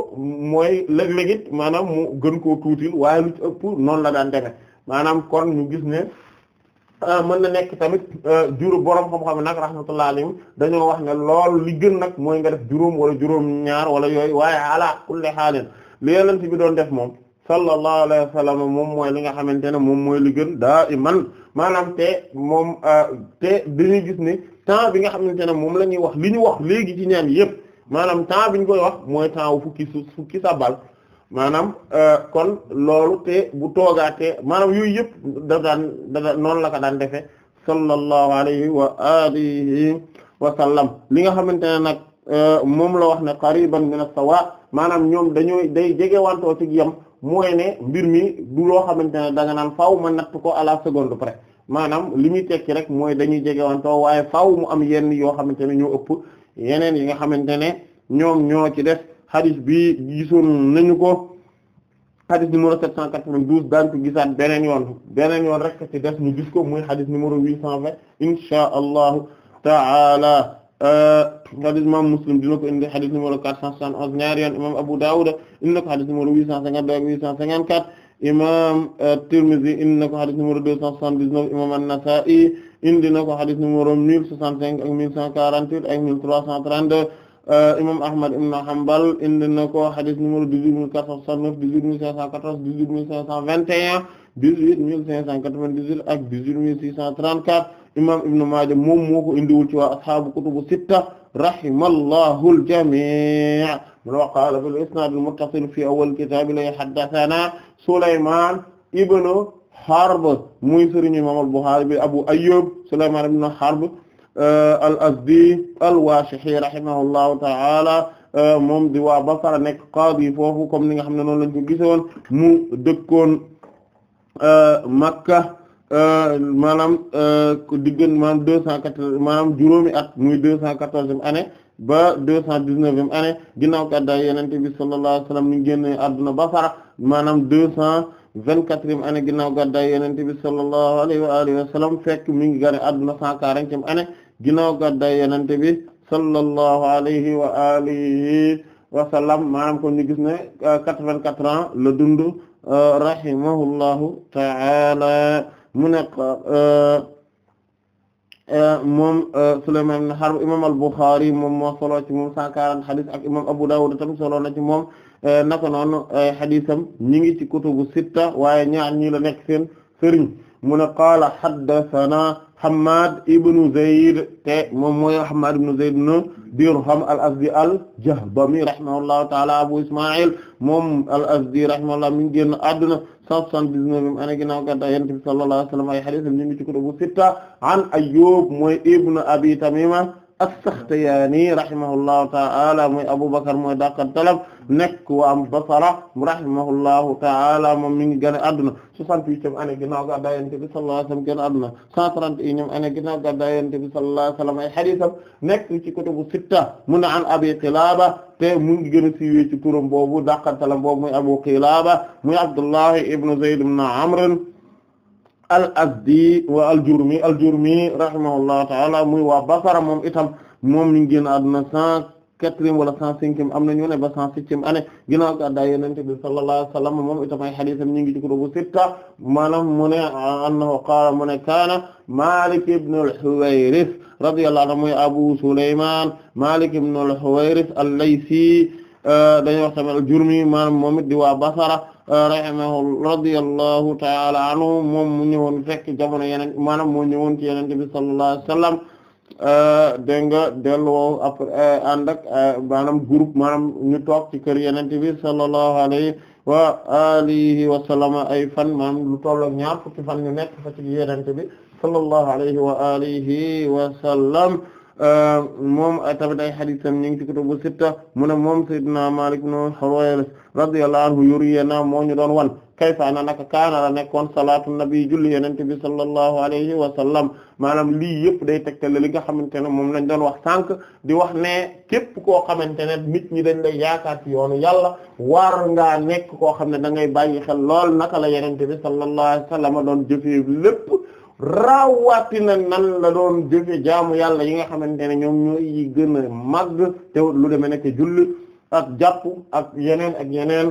mooy léeg-léeg maanaam mu gën koo tuutil waaye lu ëpp noonu la daan demee maanaam kon ñu gis ne. Euh, mën na nekk tamit euh, juru borom xam-xam nag rahmatullahi alayhim dañoo wax ne lool li gën nag mooy nga def juróom wala juróom ñaar wala yooyu waaye ala kulli haalin li yonent bi doon def moom sallallahu alayhi wa sallam moom mooy li nga xamante ne moom mooy li gën daa iman maanaam moom euh, te dañuy gis ne temps bi nga xamante ne moom la ñuy wax li ñu wax léegi ci ñaan yépp maanaam temps bi ñu koy wax mooy temps wu fukki su fukki sabal maanaam euh, kon loolu te bu toogaatee maanaam yooyu yëpp dada daan da noonu la ko daan defee sallallahu alayhi wa alihi wa sallam li nga xamante ne nag euh, moom la wax ne qariban min as-sawa maanaam ñoom dañooy day jegewantoo ci yam mooy ne mbir mi du loo xamante ne da nga naan faaw ma natt ko à la seconde près maanaam li muy tekki rek mooy dañuy jegewantoo waaye faaw mu am yenn yoo xamante ne ñoo ëpp yeneen yi nga xamante ne ñoom ñoo ci def hadith bi gisoon nañu ko hadith numéro 792 daan ko gisaat beneen yoon beneen yoon rek ci des ñu gis ko muy hadith numéro 820 insha allahu taala hadith euh, imam Muslim dina ko indi hadith numéro 471 ñaari yoon imam Abu Dawud indi na ko hadith numéro 852 imam euh, Tirmidhi indi na ko hadith numéro 279 imam An-Nasa'i indi na ko hadith numéro 1065 ak 1148 ak 1332 Euh, imam Ahmad ibn Hanbal indi na ko hadith numéro dix-huit mille quatre cent soixante-neuf dix-huit mille cinq cent quatorze dix-huit mille cinq cent vingt et un dix-huit mille cinq cent quatre-vingt-dix-huit ak dix-huit mille six cent trente-quatre imam Ibn Maaja moom moo ko indiwul ci waa ashaabu kutubu sitta rahimallahu al-jamii' wa qaala fil isnaad al-muttasil fi awwal kitaab li haddathanaa Sulaymaan ibn Harb muy sëriñ imam al-Bukhaari bi Abu Ayyub Sulaymaan ibn Harb Euh, al azdi al washihi rahimahullahu ta'ala euh, moom di waa Basra nekk qaadi foofu comme ni nga xam ne noonu lañ ko gisoon mu dëkkoon euh, Makka maanaam diggan maanaam deux cent quatorze maanaam juróomi at muy deux cent quatorzième année ba deux cent dix-neuvième année ginnaaw gàddaay Yonent bi sallallahu alayhi wa sallam ñu génne àdduna Basra maanaam deux cent vingt-quatrième année ginnaaw gàddaay Yonent bi sallallahu alayhi wa alihi wa sallam fekk mi ngi gane àdduna cent quarantième année ginnaaw gàddaay yenente bi sallallahu alayhi wa alihi wa sallam maanaam ko ñu gis ne euh, quatre-vingt-quatre ans la dund euh, rahimahullahu ta'ala mu ne euh, moom Sulaymaan ibn Harb imam al-Bukhari moom moo solo ci moom cent quarante xadis ak imam Abu Dawud tam solo na ci moom naka noonu xadisam ñi ngi ci kutubu sitta waaye ñaar ñii la nekk seen sëriñ mu qaala haddathana Hamad ibn Zayd te moom mooy Hamad ibn Zayd ibn Dirham al-Azdi al-Jahdami rahimahullahu ta'ala Abu Isma'il moom al-Azdi rahimahullah mi ngi génn àdduna 179 ana ginnaaw gàddaay Yonent bi sallallahu alayhi wa sallam ay hadiis ñu ngi ci kutubu sitta an Ayyub mooy ibn Abi Tamima as-Sakhtiyani rahimahullahu ta'ala mooy Abu Bakr mooy dàqan talam nekk waa Basra rahimahullahu ta'ala moom mi ngi génn àdduna 68e année ginnaaw gàddaay Yonent bi sallallahu alayhi wasallam génn àdduna 131e année ginnaaw gàddaay Yonent bi sallallahu alayhi wasallam ay hadiisam nekk ci kutubu sitta mu ne an Abi Qilaaba te mu ngi gën a siiwee ci turam boobu dàqantalam boobu muy Abu Qilaaba muy Abdullahi ibn Zayd ibn Amr al azdi wa al jurmi al jurmi rahimahullahu ta'ala muy waa Basra moom itam moom mi ngi génn àdduna quatrième wala cent cinquième am na ñu ne ba cent septième année ginnaaw gàddaay yonent bi sallallahu alayhi wa sallam moom itam ay hadiisam ñu ngi ci kutubu sitta maanaam mu ne annahu qaala mu ne kaana Maalik ibn al-Huwayrith radiyallahu anhu mooy Abu Sulaymaan Maalik ibn al-Huwayrith al-Laysi euh, dañuy euh, mu ñëwoon fekk jamono yeneen maanaam moo ñëwoon ci yonent bi Euh, dégg nga delloo après euh, ànd ak euh, maanaam groupe maanaam ñu toog ci kër yenente bi sallallahu alayhi wa alihi wa sallam ay fan maanaam lu tollook ñaar fukki fan ñu nekk fa ci yenente bi sallallahu alayhi wa alihi wa sallam moom tamit ay xadiisam ñu ngi ci kutubu sitta mu ne moom sayyidina Maalik ibn Huwayris radiyallahu anhu yuriyanaa moo ñu doon wan kayfaana naka kaana la nekkoon salaatu nabi julli yenente bi sallallahu alayhi wa sallam maanaam lii yëpp day tegtale li nga xamante ne moom lañ doon wax sànq di wax ne képp koo xamante ne nit ñi dañ lay yaakaar ci yoonu yàlla war nga nekk koo xam ne da ngay bàyyi xel lool naka la yenente bi sallallahu alayhi wa sallam doon jëfee lépp rawatina nan la doon jëfe jaamu yàlla yi nga xamante ne ñoom ñoo yi gën a màgg te lu demee nekk julli ak jàpp ak yeneen ak yeneen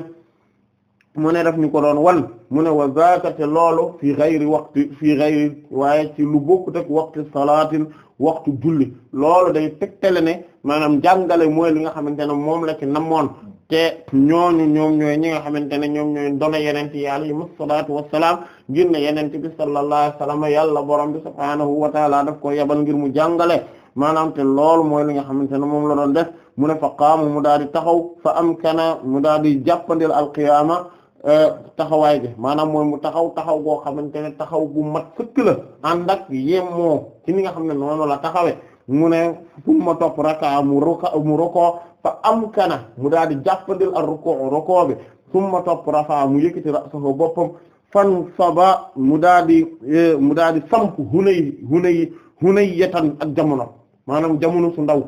mu ne daf ñu ko doon wal mu ne wa zakate loolu fii xayri waxtu fii xayri waaye ci lu bokku teg waxtu salaatin waxtu julli loolu day tegtale ne maanaam jàngale mooy li nga xamante ne moom la ci namoon te ñooñu ñoom ñooy ñi nga xamante ne ñoom ñooy doona yenente yi alayhim asalatu wassalaam ngir ne yenente bi sallallahu alayhi wasallam yàlla borom bi subhaanahu wa taala daf ko yebal ngir mu jàngale maanaam te loolu mooy li nga xamante ne moom la doon def mu ne fa qaama mu daal di taxaw fa amkana mu daal di jàppandil alqiyaama taxawaay gi maanaam mooy mu taxaw taxaw goo xamante ne taxaw gu mat fëkk la ànd ak yemoo ci ni nga xam ne noonu la taxawe mu ne fu ma topp raka mu ruka mu rukoo fa am kana mu daal di jàppandil ak rukoo rukoo bi fu ma topp rafa mu yëkkati ra'sahu boppam fan saba mu daal di e, mu daal di samp hunay hunay hunay yetan ak jamono manaam jamono su ndaw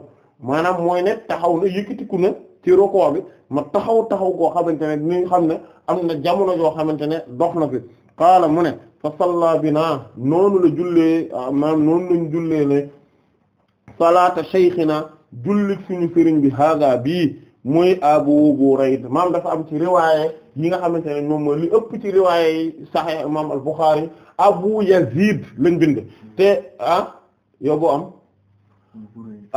maanaam mooy ne taxaw na yëkkatiku na. ci rukoo bi ma taxaw taxaw koo xamante ni xam ne am na jamono joo xamante ne dox na fi qaala mu ne fa salla binaa noonu la jullee maanaam noonu lañ jullee ne salaata shaykhina julli suñu sëriñ bi haaga bii muy Abu Burayda maam dafa am ci riwaaye yi nga xamante ne moom mooy li ëpp ci riwaaye yi Sahih imam al-Bukhari Abu Yazid lañ bind te ah yow boo am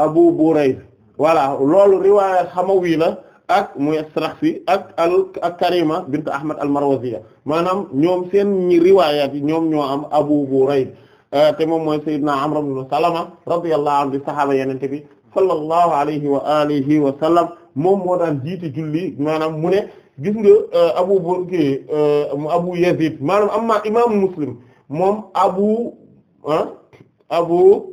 Abu Burayda voilà loolu riwaaya xamawi la ak muy Saraxsi ak al ak Karima bint Ahmad al-Marwaziya maanaam ñoom seen ñi riwaayaat yi ñoom ñoo am Abu Hurayra euh, te moom mooy Sayyidina Amr ibn Salama radiyallahu anhu di saxaaba yenente bi sallallahu alayhi wa alihi wa moom moo daan jiite julli maanaam mu ne gis nga euh, Abu Burki euh, Abu Yazid maanaam Muslim moom Abu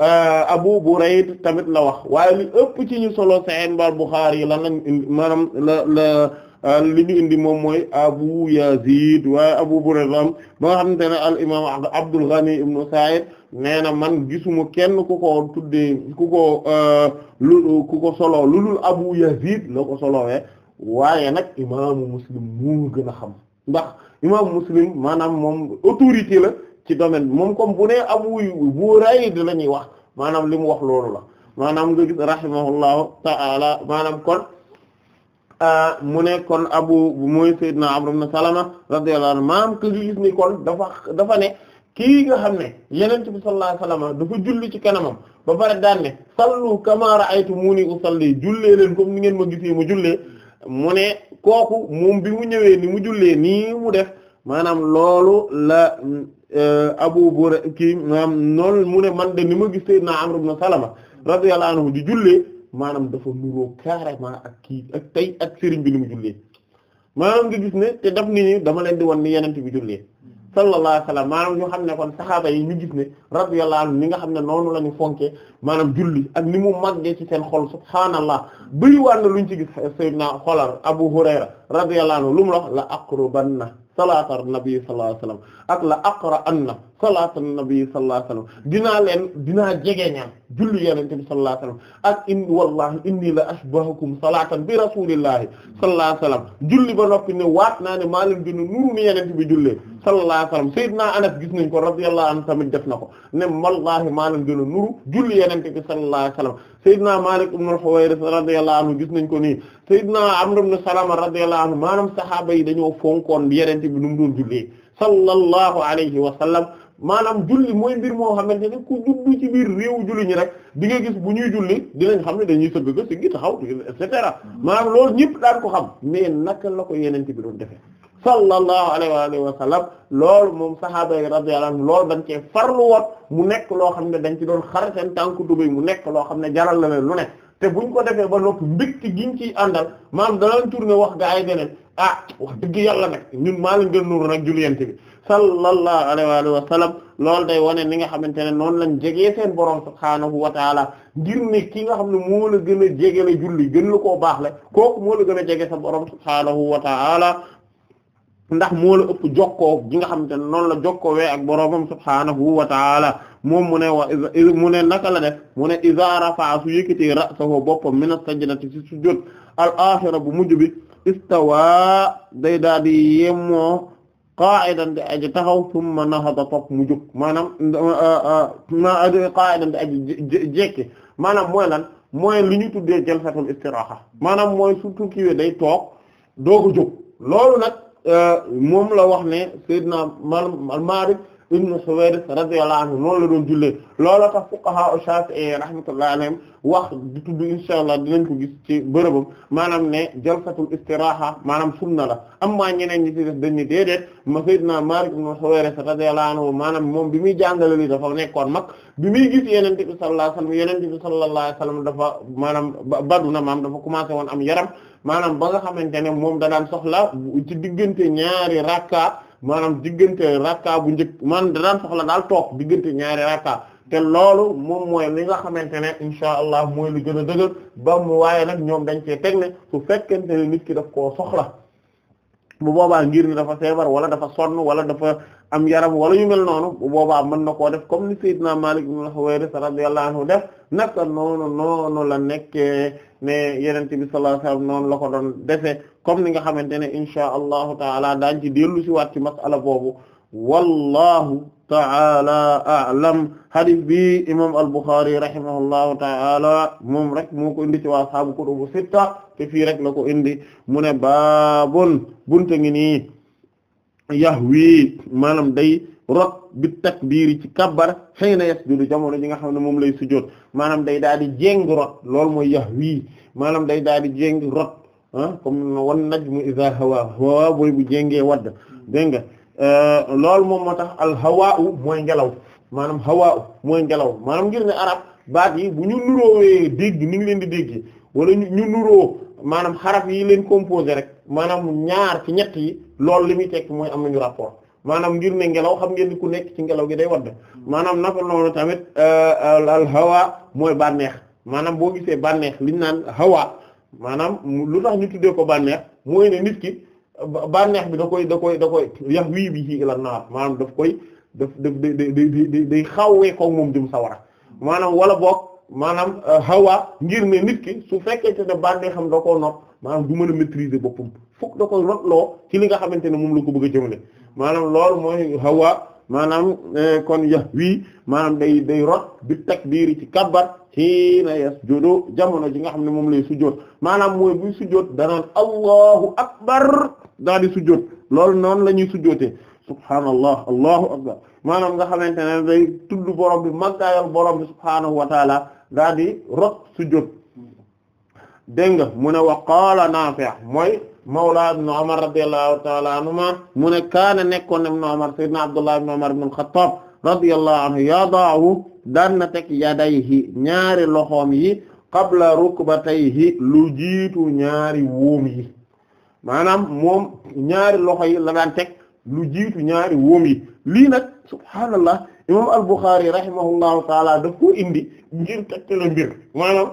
Euh, Abu Burayd tamit la wax waaye li ëpp ci ñu solo Sahih al-Bukhari yi lan lañ indi maanaam la la euh, li ñu indi moom mooy Abu Yazid waaye Abu Burayd am ba nga xamante ne al imaam Abdul Ghani ibn Sa'id nee man gisuma kenn ku ko tuddee ku ko euh, lu ku ko solo lulul Abu Yazid la ko solowee waaye nag imaamu Muslim mu gën a xam ndax imaamu Muslim maanaam moom autorité la ci domaine bi moom comme bu ne Abu Burayd la ñuy wax maanaam li mu wax loolu la maanaam nga gis rahimahullahu ta'ala maanaam kon mu ne kon abu mooy Seydina Amr ibn Salama radiyallahu anhu maanaam que gis ni kon dafa ne kii nga xam ne Yonent bi sallallahu alayhi wasallam dafa julli ci kanamam ba pare daan ne sallu kama ra'aytumuni usalli jullee leen comme ni ngeen ma gisee mu jullee mu ne kooku moom bi mu ñëwee ni mu jullee nii mu def maanaam loolu Euh, Abu Burayda kii maanaam noonu mu ne man de ni ma gis Seydina Amr ibn Salama radiyallahu anhu di jullee maanaam dafa nuroo carrément kii ak tey ak sëriñ bi ni mu maanaam nga gis ne te daf ni dama leen di wan ni yenente bi jullee sallallahu alayhi wasallam maanaam ñu xam ne kon saxaaba yi ñu gis ne radiyallahu anhu ni nga xam ne noonu la ñu fonkee maanaam julli ak ni mu màggee ci seen xol subhaanallah bëri waan lu ñu ci gis Seydina xolal Abu Hurayra radiyallahu anhu lu mu wax la aqrubanna salaata nabi sallallahu alayhi wasallam ak la aqra anna salaatu nabi sallallahu alayhi wasallam dinaa leen dinaa jegeñaam julli yenente bi sallallahu alayhi wasallam ak in wallahi inni la ashbahukum salaatan bi rasulillahi sallallahu alayhi wasallam julli ba noppi ne waat naa ne maa leen gën a nuru ni yenente bi jullee sallallahu alayhi wasallam sayyidina anas gis nañ ko radiyallahu anhu tamit def na ko ne wallahi maa leen gën a nuru julli yenente bi sallallahu alayhi wasallam sayyidina malik ibn al-huwayrith radiyallahu anhu gis nañ ko nii sayyidina amr ibn salama radiyallahu anhu maanaam sahaaba yi dañoo fonkoon yenente bi nu mu doon jullee sallallahu alayhi wasallam maanaam julli mooy mbir moo xam xamante ne ku juddu ci biir réewu julli ñi rek di nga gis bu ñuy julli dinañ xam ne dañuy sëgg ga si gi taxaw et cetera maanaam loolu ñëpp daan ko xam mais naka la ko yeneen ci bi doon defee sallallahu alayhi wa alihi wa sallam loolu moom sahaaba yi radiyallahu anhum loolu dañ cee farlu woon mu nekk loo xam ne dañ ci doon xar seen tànku dubay mu nekk loo xam ne jaral la leen lu ne te buñ ko defee ba noppi mbégte giñ ciy àndal maanaam danañ tourné wax gaa yi deneen ah wax dëgg yàlla nag ñun maa leen gën nuru nag juliyante bi sallallahu alayhi wa sallam loolu day wane ni nga xamante ne noonu lañ jegee seen borom subhaanahu wa taala ngir ne ki nga xam ne moo gën a jege la julli gën baax la kooku moo la gën a jege sa borom subhaanahu wa taala ndax moo la ëpp jokkoo gi nga xamante ne noonu la jokkoowee ak boroomam subhaanahu wa taala moom mu ne wa mu ne naka la def mu ne iza rafa'a su boppam min as-sajdati ci sujjóot al-aaxira bu mujj bi istawa day daal di yemoo qa'idan di aji taxaw thumma nahada topp mu jóg maanaam ma euh, euh, qa'idan di aji jekki maanaam mooy lan mooy li ñu tuddee jalsatul istiraha maanaam mooy surtout kiiwee day toog doogu jóg loolu nag euh, moom la wax ne sayyidna Maalik ibnu Xuwaylid radiyallahu anhu noonu la doon jullee looloo tax fuqaha Shaafi'i rahmatullahi alayhim wax di tudd insha allah dinañ ko gis ci bërëbam maanaam ne jalsatul istiraaha maanaam sunna la am ñeneen ñi ci def dañ ni ma sayyidna Maalik ibnu Xuwaylid radiyallahu anhu maanaam moom bi muy jàngale li dafa nekkoon mag bi muy gis Yonent bi sallallahu alayhi wa sallam Yonent bi sallallahu alayhi wa sallam dafa maanaam badu na maam dafa commencé woon am yaram maanaam ba nga xamante ne moom da daan soxla ci diggante ñaari rakka maanaam diggante rakka bu njëkk man daan soxla daal toog diggante ñaari rakka te loolu moom mooy li nga xamante ne insha allah mooy lu gën a dëgër ba mu waaye nag ñoom dañ cee teg ne su fekkente ne nit ki daf koo soxla bu boobaa ngir ne dafa feebar wala dafa sonn wala dafa am yaram wala yu mel noonu bu boobaa mën na koo def comme ni Seydina Malik ibn Huwayris radiyallahu anhu def naka noonu noonu la nekkee ne Yonent bi sallallahu alayhi noonu la ko doon defee comme ni nga xamante ne insha allahu taala daañ ci dellu si waat ci masala boobu wallahu taala alam hadis bi imam al-Bukhari rahimahullahu taala moom rek moo ko indi ci waa saabu kutubu sitta te fii rek la ko indi mu ne baabon bunta ngi nii yahwi maanaam day rot bi takbiiri ci kabbar xëy na yasjudu jamono ji nga xam ne moom lay sujjóot maanaam day daal di jéng rot loolu mooy yahwi maanaam day daal di rot Ah, comme wan najmu iza hawa hawa booy bu jéngee wadd dégg nga euh, loolu moom moo tax al hawa u mooy ngelaw maanaam hawa u mooy ngelaw maanaam ngir ne arab baat yi bu ñu nuróowee dégg ni ngi leen di déggee walla ñu nuróo maanaam xarab yi leen composé rek maanaam ñaar ci ñett yi loolu li muy tekk mooy am nañu rapport maanaam ngir ne ngelaw xam ngeen di ku nekk ci ngelaw gi day wadd maanaam naka noonu tamit euh, al hawa mooy banneex maanaam boo gisee bànneex liñ naan hawa maanaam lu tax ñu tuddee ko bànneex mooy ne nit ki bànneex bi da koy da koy da koy bi ci la naar maanaam daf koy daf daf day day day xawwee koog moom sawara maanaam wala boog maanaam euh, hawa ngir ne nit ki su fekkee te ne bànneexam da ko not maanaam du mën a maîtriser boppam fokk da koy notloo ci li nga xamante ne moom la ko bëgg a jëmale maanaam loolu mooy hawa maanaam euh, kon yax wii maanaam day day rot bi takbiir ci kabbar xiina yasjudu jamono ji nga xam ne moom lay sujjóot maanaam mooy buy sujjóot danaan allahu akbar daa di sujjóot loolu noonu la ñuy sujjóotee subhaanallah allahu akbar maanaam nga xamante ne day tudd borom bi màggaayal borom bi subhaanahu wa taala daa di rot sujjóot dégg nga mu ne wa qaala Naafi' mooy mawla ibn Umar radiyallahu taala anhuma mu ne kaana nekkoon ibn Umar sayyidna Abdullah ibn Umar ibn al-Khattab radiyallahu anhu yadaahu daan na teg yadayhi ñaari loxoom yi qabla rukbatayhi lu jiitu ñaari wóom yi maanaam moom ñaari loxo yi la daan teg lu jiitu ñaari wóom yi lii nag subhaanallah imam al-Bukhari rahimahullahu taala daf ko indi ngir tegtale mbir maanaam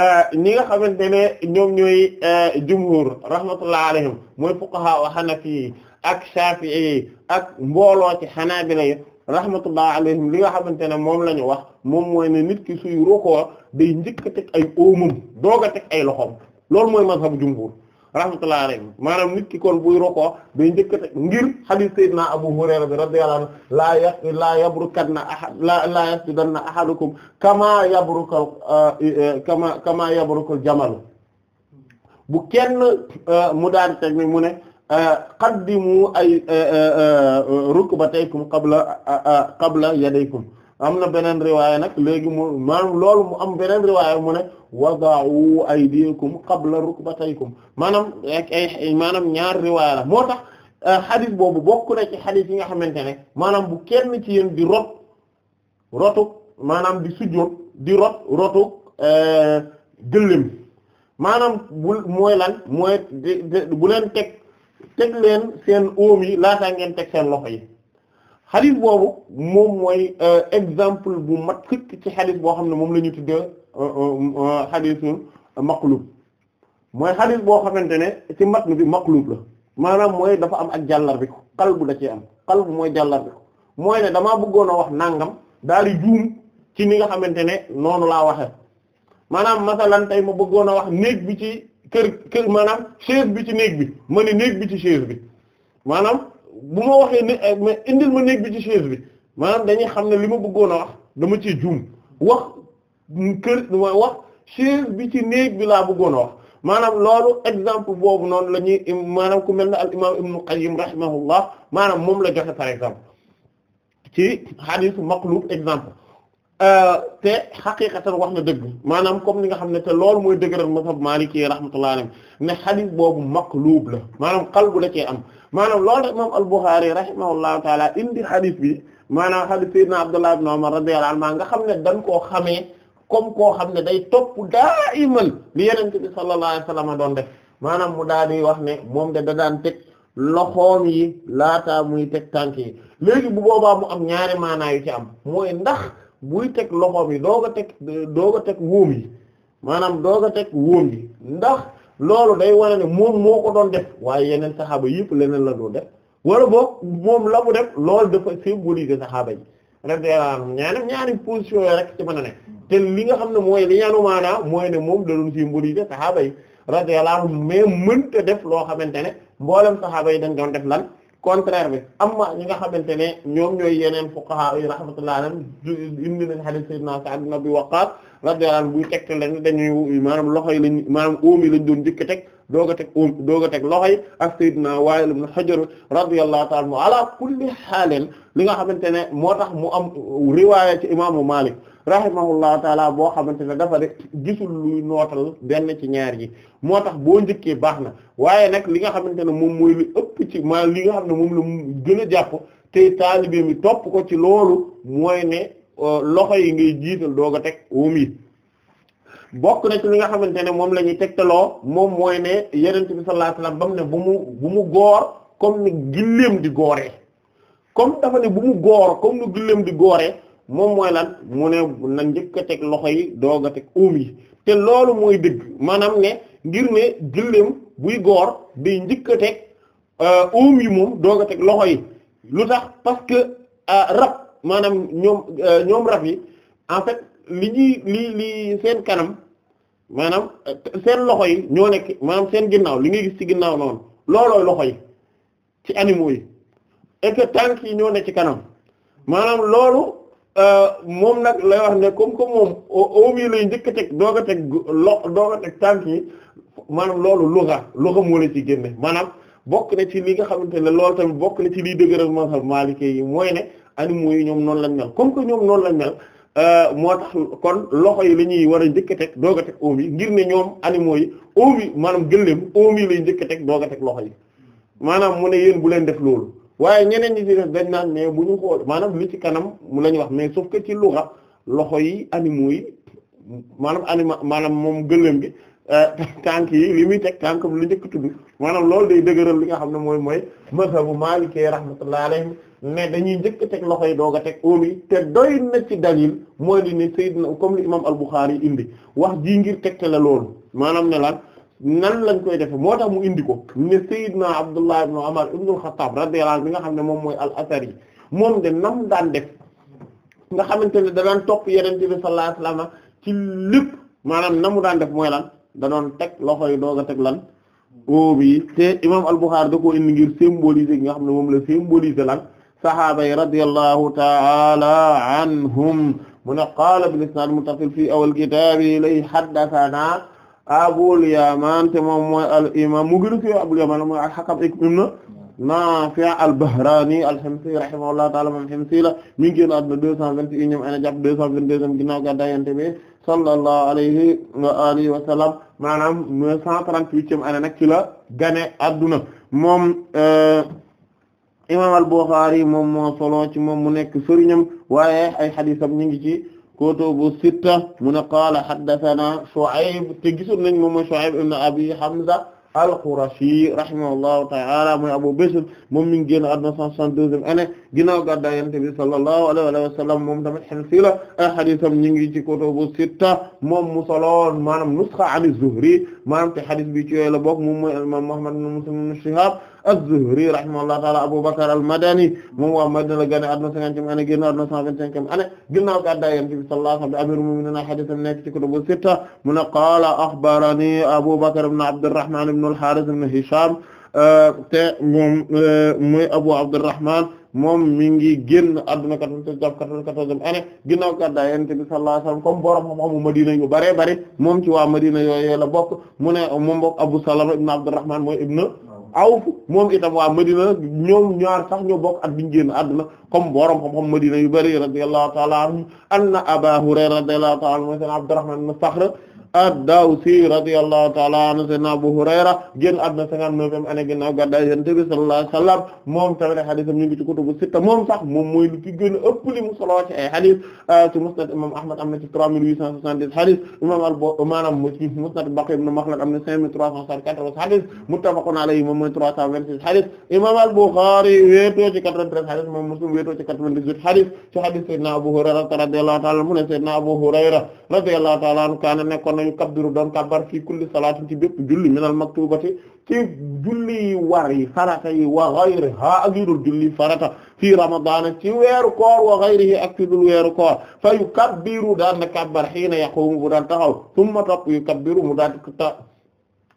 eh, ñi nga xamante ne ñoom ñooy eh, jumhur rahmatullah alayhim mooy fuqaha wa hanafi ak shafi'i ak mbooloo ci hanabila rahmatullah alayhim li nga xamante ne moom la wax moom mooy ne nit ki suy rukkoo day njëkk teg ay óomam doog teg ay loxoom loolu mooy mazhabu jumhur rahmatullah alayhim maanaam nit ki kon buy rukkoo day njëkk a teg ngir hadith sayyidina Abu Hurayra bi radiyallahu anhu laa ya laa yabrukanna ahad laa laa yasjudanna ahadukum kamaa uh, kamaa kamaa yabrukal jamal bu kenn uh, mu daan teg ni mu ne qaddimu ay eh, eh, eh, rukbataykum qabla qabla yadaykum am na beneen riwaaya nag léegi mu maanaam lool mu am beneen riwaaya mu ne wada'u aydiyakum qabla rukbataykum maanaam ak ay maanaam ñaar riwaaya la moo tax xadis boobu bokk na ci xadis yi nga xamante ne maanaam bu kenn ci yéen di rot rotu maanaam di sujjóot di rot rotu gëléem maanaam bu mooy lan mooy leen teg teg leen seen óom yi laataa ngeen teg seen loxo yi xadis boobu moom mooy euh, exemple bu mat fëkk ci xadis boo xam ne moom la ñu tuddee euh, xadisu euh, maqlub mooy xadis boo xamante ne ci mat matn bi maqlub la maanaam mooy dafa am ak jàllar bi ko qalbu da ci am bu mooy jàllar bi ko mooy ne damaa bëggoon wax nangam daal di juum ci ni nga xamante ne noonu laa waxe maanaam masalan ma bëggoon wax néeg bi ci kër kër maanaam chaise bi ci néeg bi ma ne néeg bi ci chaise bi maanaam bu ma waxee ne eh, ma indil ma néeg bi ci chaise bi maanaam dañuy xam ne li ma bëggoon a wax dama ci juum wax kër wax chaise bi ci néeg bi laa bëggoon a wax maanaam loolu exemple boobu noonu la ñuy maanaam ku mel ne al imam ibnu qayyim rahimahullah maanaam moom la joxe par example ci hadith maqlub exemple Euh, te xaqiqatan wax na dëgg maanaam comme ni nga xam ne te loolu mooy dëgëral mazhab Maliki rahmatullahi alayhi ne xadis boobu maqluub la maanaam qalbu la cee am maanaam loolu rek imam al-Bukhari rahimahullahu indi xadis bi maanaam xadis sayyidina Abdullah ibn Umar radiyallahu anhu nga xam ne dañ koo xamee comme ko xam ne day topp daa'iman li Yonent bi sallallahu alayhi wa doon def maanaam mu daal di wax ne moom de da daan teg loxoom yi laataa muy teg tànk yi léegi bu boobaa mu am ñaari ci am mooy buy teg loxo yi doo ko teg doo ko teg wóom yi maanaam doo ko teg wóom yi ndax loolu day wane ne moom moo ko doon def waaye yeneen saxaaba yëpp leneen la doon def wala boog moom la mu def loolu dafa symboliser saxaaba yi radiyallahu ñaanam ñaari position yo rek ci mën ne te li nga xam ne mooy li ñaanu maanaam mooy ne moom da doon symboliser saxaaba yi radiyallahu mais mënta def loo xamante ne mboolem saxaaba yi dañ doon def lan contraire bi amma ñi nga xamante ne ñoom ñooy yeneen fuqaha yi rahmatullahi alayhim indi nañ hadith sayyidina Sa'd ibn Abi Waqqas radiyallahu anhu buy tegte lañ dañuy maanaam loxo yi lañ maanaam óom yi lañ doon njëkk teg doog a teg um doog a teg loxo yi ak Seydina Waa'il ibn Hajar radiyallahu ta'ala anhu kulli xaaleen li nga xamante ne moo tax mu am riwaaya ci imaamu Maalik rahimahullahu taala boo xamante ne dafa de gisul luy nootal benn ci ñaar yi moo tax boo njëkkee baax na waaye nag li nga xamante ne moom mooy lu ëpp ci ma li nga xam ne moom la gën a jàpp te taalibe mi topp ko ci loolu mooy ne euh, loxo yi ngay jiital doog a teg um bokk na ci li nga xamante ne moom la ñuy tegtaloo moom mooy ne yonent bi sallallahu alayhi wasallam ne bu mu bu mu goor comme ni gilleem di gooree comme dafa ne bu mu goor comme ni gilleem di gooree moom mooy lan mu ne na njëkk teg loxo yi doog a teg oom yi te loolu mooy dëgg maanaam ne ngir ne gilleem buy goor day njëkk a teg euh, oom yi moom doog a teg loxo yi lu tax parce que euh, rab maanaam ñoom euh, ñoom rab yi en fait li ñuy li li seen kanam maanaam eh, seen loxo yi ñoo nekk maanaam seen ginnaaw li ngay gis ci ginnaaw noonu loolooy loxo yi ci animaux yi et que tànk yi ñoo nekk ci kanam maanaam loolu euh, moom nag lay wax ne comme comme moom oom yi lay njëkk a teg doog a teg lo doog a teg tànk yi maanaam loolu luxa luxa moo la ci génne maanaam bokk na ci li nga xamante loolu tamit bokk na ci liy dëgëral mazhab maliki yi mooy ne animaux yi ñoom noonu lañ mel comme que ñoom noonu lañ mel Euh, moo tax kon loxo yi la ñuy war a njëkk a teg doog a yi ngir ne ñoom animaux yi oom yi maanaam gëléem oom yi lay njëkk a teg doog a teg loxo yi maanaam mu ne yéen bu leen def loolu waaye ñeneen ñi ci def dañ naan mais bu ñu xool maanaam li ci kanam mu la wax mais sauf que ci luga loxo yi animaux yi maanaam anima maanaam moom gëléem gi euh, tànk yi li muy teg tànk lu njëkk tudd maanaam loolu day dëgëral li nga xam ne mooy mooy mazhabu Maliki rahmatullahi alayhi mais dañuy njëkk a teg loxo yi doog a teg oom yi te doy na ci dalil mooy li ne Seydina comme li imam al-Bukhari indi wax jii ngir tegte le loolu maanaam ne lan nan lañ koy defe moo tax mu indi ko ne Seydina Abdullah ibn Umar ibn al-Khattab radiyallahu anhu bi nga xam ne moom mooy al-Athari moom de nam daan def nga xamante ne danaan topp yeneen bi sallallahu alayhi wasallam ci lépp maanaam na mu daan def mooy lan da doon teg loxo yi doog a teg lan oom yi te imam al-Bukhari da koo indi ngir symboliser gi nga xam ne moom la symboliser lan sahaaba yi radiyallahu taala anhum mu ne qaala bil isnaad muttasil fii awal kitaab lay haddasanaa Abul Yamaan te moom mooy al imaam mu gën a fi Abul Yamaan mooy al-Hakam ibn Naafi' al-Bahraani al-Himsi rahimahullahu ta'ala moom Himsi la mi ngi génn àdduna deux cent vingt et unième année jàpp deux cent vingt-deuxième ginnaaw gàddaay Yonent bi sallallahu alayhi wa alihi wa sallam maanaam cent trente-huitième année nag ci gane àdduna moom euh, imam al-Bukhari moom moo solo ci moom mu nekk sëriñam waaye ay xadisam ñu ngi ci kutubu sitta mu ne qaala haddathana Shu'ayb te gisul nañ moom mooy Shu'ayb ibn Abi Hamza al-Qurashi rahimahullahu ta'ala mooy Abu Bishr moom mi ngi génn àdduna 162e année ginnaaw gàddaay Yonent bi sallallahu alayhi wa sallam moom tamit Himsi la ay xadisam ñu ngi ci kutubu sitta moom mu solo maanaam nusxa an az-Zuhri maanaam te xadis bi ci yooyu la bokk moom mooy al-imam Muhammad ibn Muslim ibn Shihab az-Zuhri rahimahullahu ta'ala Abu Bakr al-Madani moom waa Madina la gane àdduna cinquantième année génn àdduna cent vingt-cinquième année ginnaaw gàddaay Yonent bi sallallahu alayhi wa sallam amirul mu'minin hadiisam nekk ci kutubu sitta mu ne qaala axbarani Abu Bakr ibn Abdurrahman ibn al-Harith ibn Hisham te moom muy Abu Abdurrahman moom mi ngi génn àdduna 94 jàpp 94 année ginnaaw gàddaay Yonent bi sallallahu alayhi wasallam comme borom xam-xamu Madina yu bare bare moom ci waa Madina yooyu la bokk mu ne moom bokk Abu Salama ibn Abdurrahman mooy ibn Awf moom itam waa Madina ñoom ñaar sax ñoo bokk at biñ génn àdduna comme borom xam-xam Madina yu bari radiyallahu ta'ala anhu anna Aba Hurayra radiyallahu ta'ala anhu Abdurrahman ibn Sakhr ad-Dawsi radiyallahu ta'ala anhu sayyidina Abu Hurayra génn àdduna cinquante-neuvième année ginnaaw gàddaay Yonent bi sallallahu moom tamit ay moom sax moom mooy lu ci a ëpp li mu ci ay xadis ah, ci imam Ahmad am na ci 3870 xadis imam al maanaam ci Musnad Baqi ibn xadis moom mooy 326 ci 93 xadis moom Muslim xadis ci xadis sayyidina Abu Hurayra radiyallahu ta'ala mu ne sayyidina Abu Hurayra yukabbiru doon kabbar fii kulli salaatin ci bépp julli minal maktubati ci julli war yi farata yi wa ghayriha ak yu dul julli farata fii ramadaan ci weeru koor wa ghayrihi ak ci dul weeru koor fa yukabbiru daan na kabbar hiina yaqumu bu daan taxaw thumma topp yukabbiru mu daan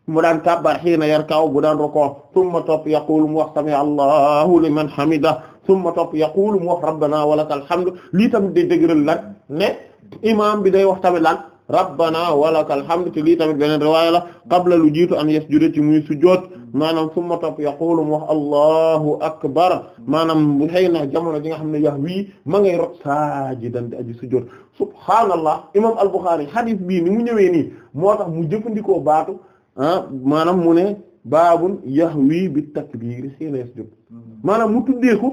mu daan kabbar hiina yarka'u bu daan rukuu thumma topp yaqulu mu wax sami allahu liman hamida thumma topp yaqulu mu wax rabbana wa lakal hamd lii tamit day dëgëral lan ne imam bi day wax tamit lan rabbana walakal hamdu te lii tamit beneen riwaaya la qabla lu jiitu an yasjuda ci muy sujjóot maanaam summa topp yaqulu mu wax allahu akbar maanaam xëy na jamono ji nga xam ne yax wii ma ngay rot saajidan di aji sujjóot subhaanallah imam al-Bukhari hadith bii ni mu ñëwee nii moo tax mu jëfandikoo baatu ah maanaam mu ne baabun yax wii bi takbiir seen yasjud mm-hmm. maanaam mu tuddee ko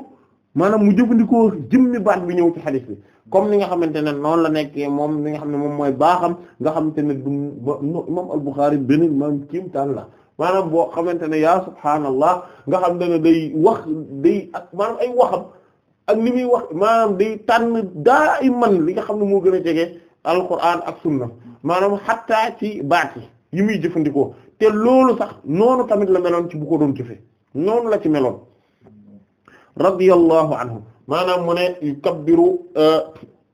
maanaam mu jëfandikoo jëmmi baat bi ñëw ci hadith bi comme ni nga xamante ne noonu la nekkee moom li nga xam ne moom mooy baaxam nga xamante ne du imam al-Bukhari beneen maam kiimtaan la maanaam boo xamante ne yaa subhaanallah nga xam ne day wax day ak maanaam ay waxam ak li muy wax maanaam day tànn daa iman li nga xam ne moo gën a jege alquran ak sunna maanaam xattaa ci baat yi yi muy jëfandikoo loolu sax noonu tamit la meloon ci bukko ko doon jëfe noonu la ci meloon radiyallahu anhu maanaam mu ne yu kabbiru euh,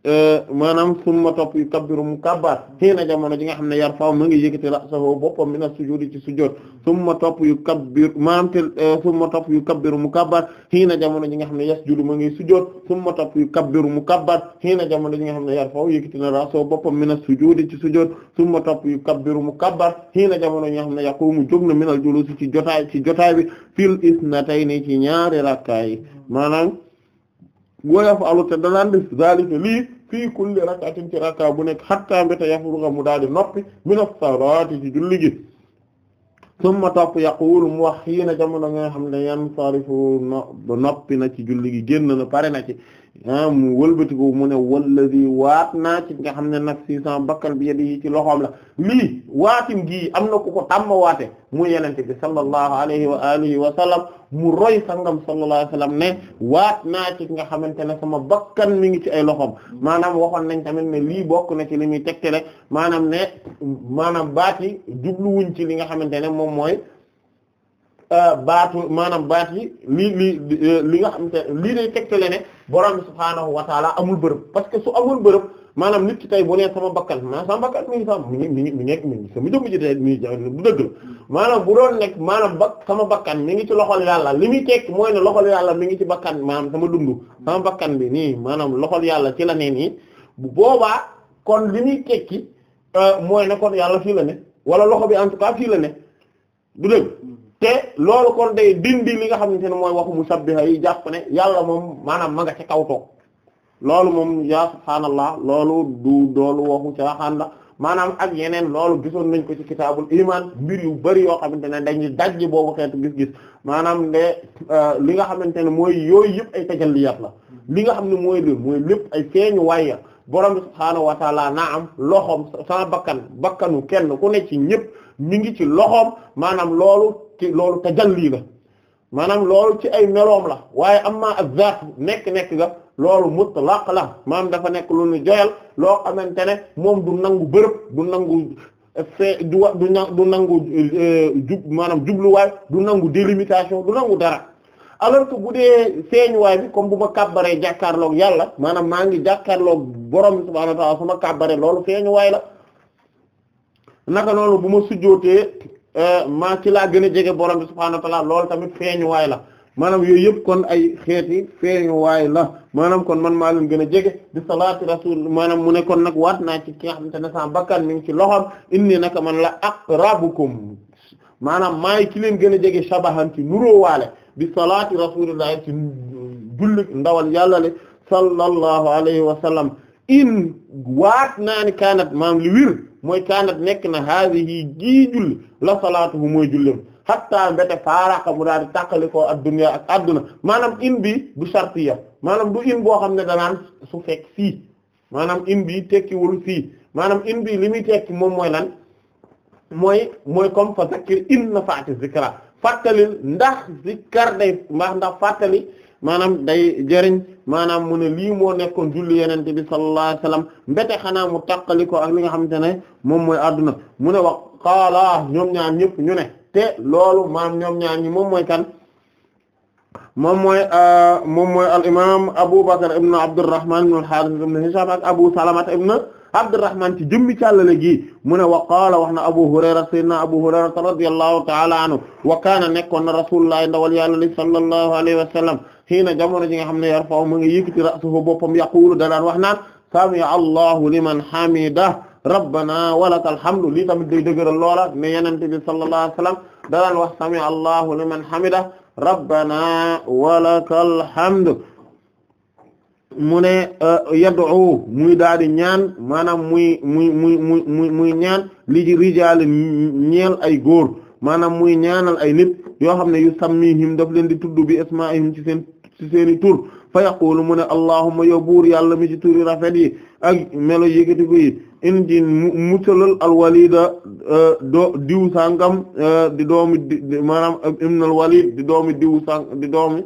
euh, maanaam summa topp yu kabbiru mu kabbar xiina jamono ji nga xam ne yar faw mu ngi yëkkati ra'sahu boppam mina sujudi ci sujud summa topp yu kabbiru maanaam te euh, summa topp yu kabbiru mu kabbar xiina jamono ji nga xam ne yasjudu mu ngi sujud summa topp yu kabbiru mu kabbar xiina jamono ji nga xam ne yar faw yëkkati na ra'sahu boppam mina sujudi ci sujud summa topp yu kabbiru mu kabbar xiina jamono ji nga xam ne yaqumu jóg na minal julusi ci jotaay ci jotaay bi fil isnatayni ci ñaari rakkaay maanaam wayafalu te danaan def zalika lii fii kulli rak'atin ci rakka bu nekk hatta mbéta yafruga mu daal di noppi mina salaati ci julli gi summa topp yaqulu mu wax xii na jamono nga xam ne yan sarifu no noppi na ci julli gi génn na pare na ci Ah, mu wëlbati ko mu ne wallazi waat naa ci nga xam ne nafsi sama bakkan bi yadi ci loxoom la lii waatim gii am na ku ko tàmm waate mu yenente bi sallallahu alayhi wa alihi wa sallam mu roy sangam sallallahu alayhi wa sallam ne waat naa ci nga xamante ne sama bakkan mi ngi ci ay loxoom maanaam waxoon nañ tamit ne lii bokk na ci li muy tegtale maanaam ne maanaam baat yi jubluwuñ ci li nga xamante ne moom mooy Euh, baatu maanaam baat yi li li euh, li nga xam te lii day tegtale ne borom bi subhaanahu wa taala amul bërëb parce que su amul bërëb maanaam nit ki tey bu nee sama bakkan maanaam sama bakkan mi ngi sama mi ngi mi ngi mi ngi mi ngi sama jëmm ji tey mi ngi du dëgg la maanaam bu doon nekk maanaam ba sama bakkan mi ngi ci loxol yàlla li muy tekk mooy ne loxol yàlla mi ngi ci bakkan maanaam sama dund sama bakkan bi nii maanaam loxol yàlla ci la ne nii bu boobaa kon li muy tekki euh, mooy ne kon yàlla fii la ne wala loxo bi en tout cas fii la ne du dëgg te loolu kon day dindi li nga xamante ne mooy waxu musabbiha yi jàpp ne yàlla moom maanaam ma nga ci kaw toog loolu moom yaa subhaanallah loolu du doolu waxu caaxaan la maanaam ak yeneen loolu gisoon nañ ko ci kitaabul iman mbir yu bari yoo xamante ne dañuy dajji boobu xeetu gis-gis maanaam ne euh, li nga xamante ne mooy yooyu yëpp ay tajalliyaat la li nga xam ne mooy li mooy lépp ay feeñu waaya borom bi subhaanahu wa taala na am loxoom sama bakkan bakkanu kenn ku nekk ci ñëpp mi ngi ci loxoom maanaam loolu ci loolu tajalli la maanaam loolu ci ay meloom la waaye am amma az-zaat nekk-nekk ga loolu mutlaq la maanaam dafa nekk lu nu joyal loo xamante ne moom du nangu bërëb du nangu fe du wa du du nangu euh, jub maanaam jubluwaay du nangu délimitation du nangu dara alors que bu dee feeñuwaay bi comme bu ma kàbbaree jàkkaarloog yàlla maanaam maa ngi jàkkaarloog borom subhaanahu wa ta'aala su ma kàbbaree loolu feeñuwaay la naka noonu bu ma sujjootee Euh, maa ci laa gën a jege borom bi subhaanahu lool tamit feeñuwaay la maanaam yo yëpp kon ay xeeti feeñuwaay la maanaam kon man maa leen gën a jege di salaatu rasul maanaam mu ne kon nag waat naa ci ki nga xamante ne sama bakkan mi ngi ci loxoom inni naka man la aqrabukum maanaam maay ci leen gën a jege shabahan ci nuróowaale di salaatu rasulillahi ci julli ndawal yàlla le sallallahu alayhi wa in waat naa ni kaanat maam li wir mooy kaanat nekk na haadihi gii julli la salaatuhu mooy jullim hatta mbete faaraqa mu daal di tàqali koo ak dunya ak adduna maanaam in bi du shartiya maanaam du in boo xam ne danaan su fekk fii maanaam in bi tekkiwul fii maanaam in bi li muy tekki moom mooy lan mooy mooy comme fa zakkir in na faati zikra fàttalil ndax zikkar day ndax ndax fàttali maanaam day jëriñ maanaam mu ne lii moo nekkoon julli yenente bi sallallahu alayhi wasallam mbete xanaa mu tàqali ko ak li nga xamante ne moom mooy adduna mu ne wax xaala ñoom ñaar ñëpp ñu ne te loolu maam ñoom ñaar ñi moom mooy kan moom mooy euh, moom mooy al imam Abu Bakr ibn Abdurrahman ibn al-Harith ibn Hisham ak Abu Salamah ibn Abdurrahman ci jëmmi càllale gi mu ne wa qaala wax na Abu Hurayra sayyidina Abu Hurayra radiyallahu ta'ala anhu wa kaana nekkoon na Rasulullah ndawal yàlla li sallallahu alayhi wa sallam xiina jamono ji nga xam ne yarfa'u mu ngi yëkkati ra'sahu boppam yaqulu da daan wax naan sami'a Allahu liman hamidah rabbana walakal hamdu lii tamit day dëgëral loola ne yenente bi sallallahu alayhi wa sallam da daan wax sami'a Allahu liman hamidah rabbana walakal hamdu mu ne yad'u muy daal di ñaan maanaam muy muy muy muy muy muy ñaan li ji rijaal ñeel ay góor maanaam muy ñaanal ay nit yoo xam ne yu sammihim daf leen di tuddu bi ismaihim ci seen ci seeni tur fa yaqulu mu ne allahumma yow buur yàlla mi ci turi rafet yi ak melo yékkatiku yi indi mu musalal alwalida do diw sangam di doomi maanaam ibn alwalid di doomi diw sang di doomi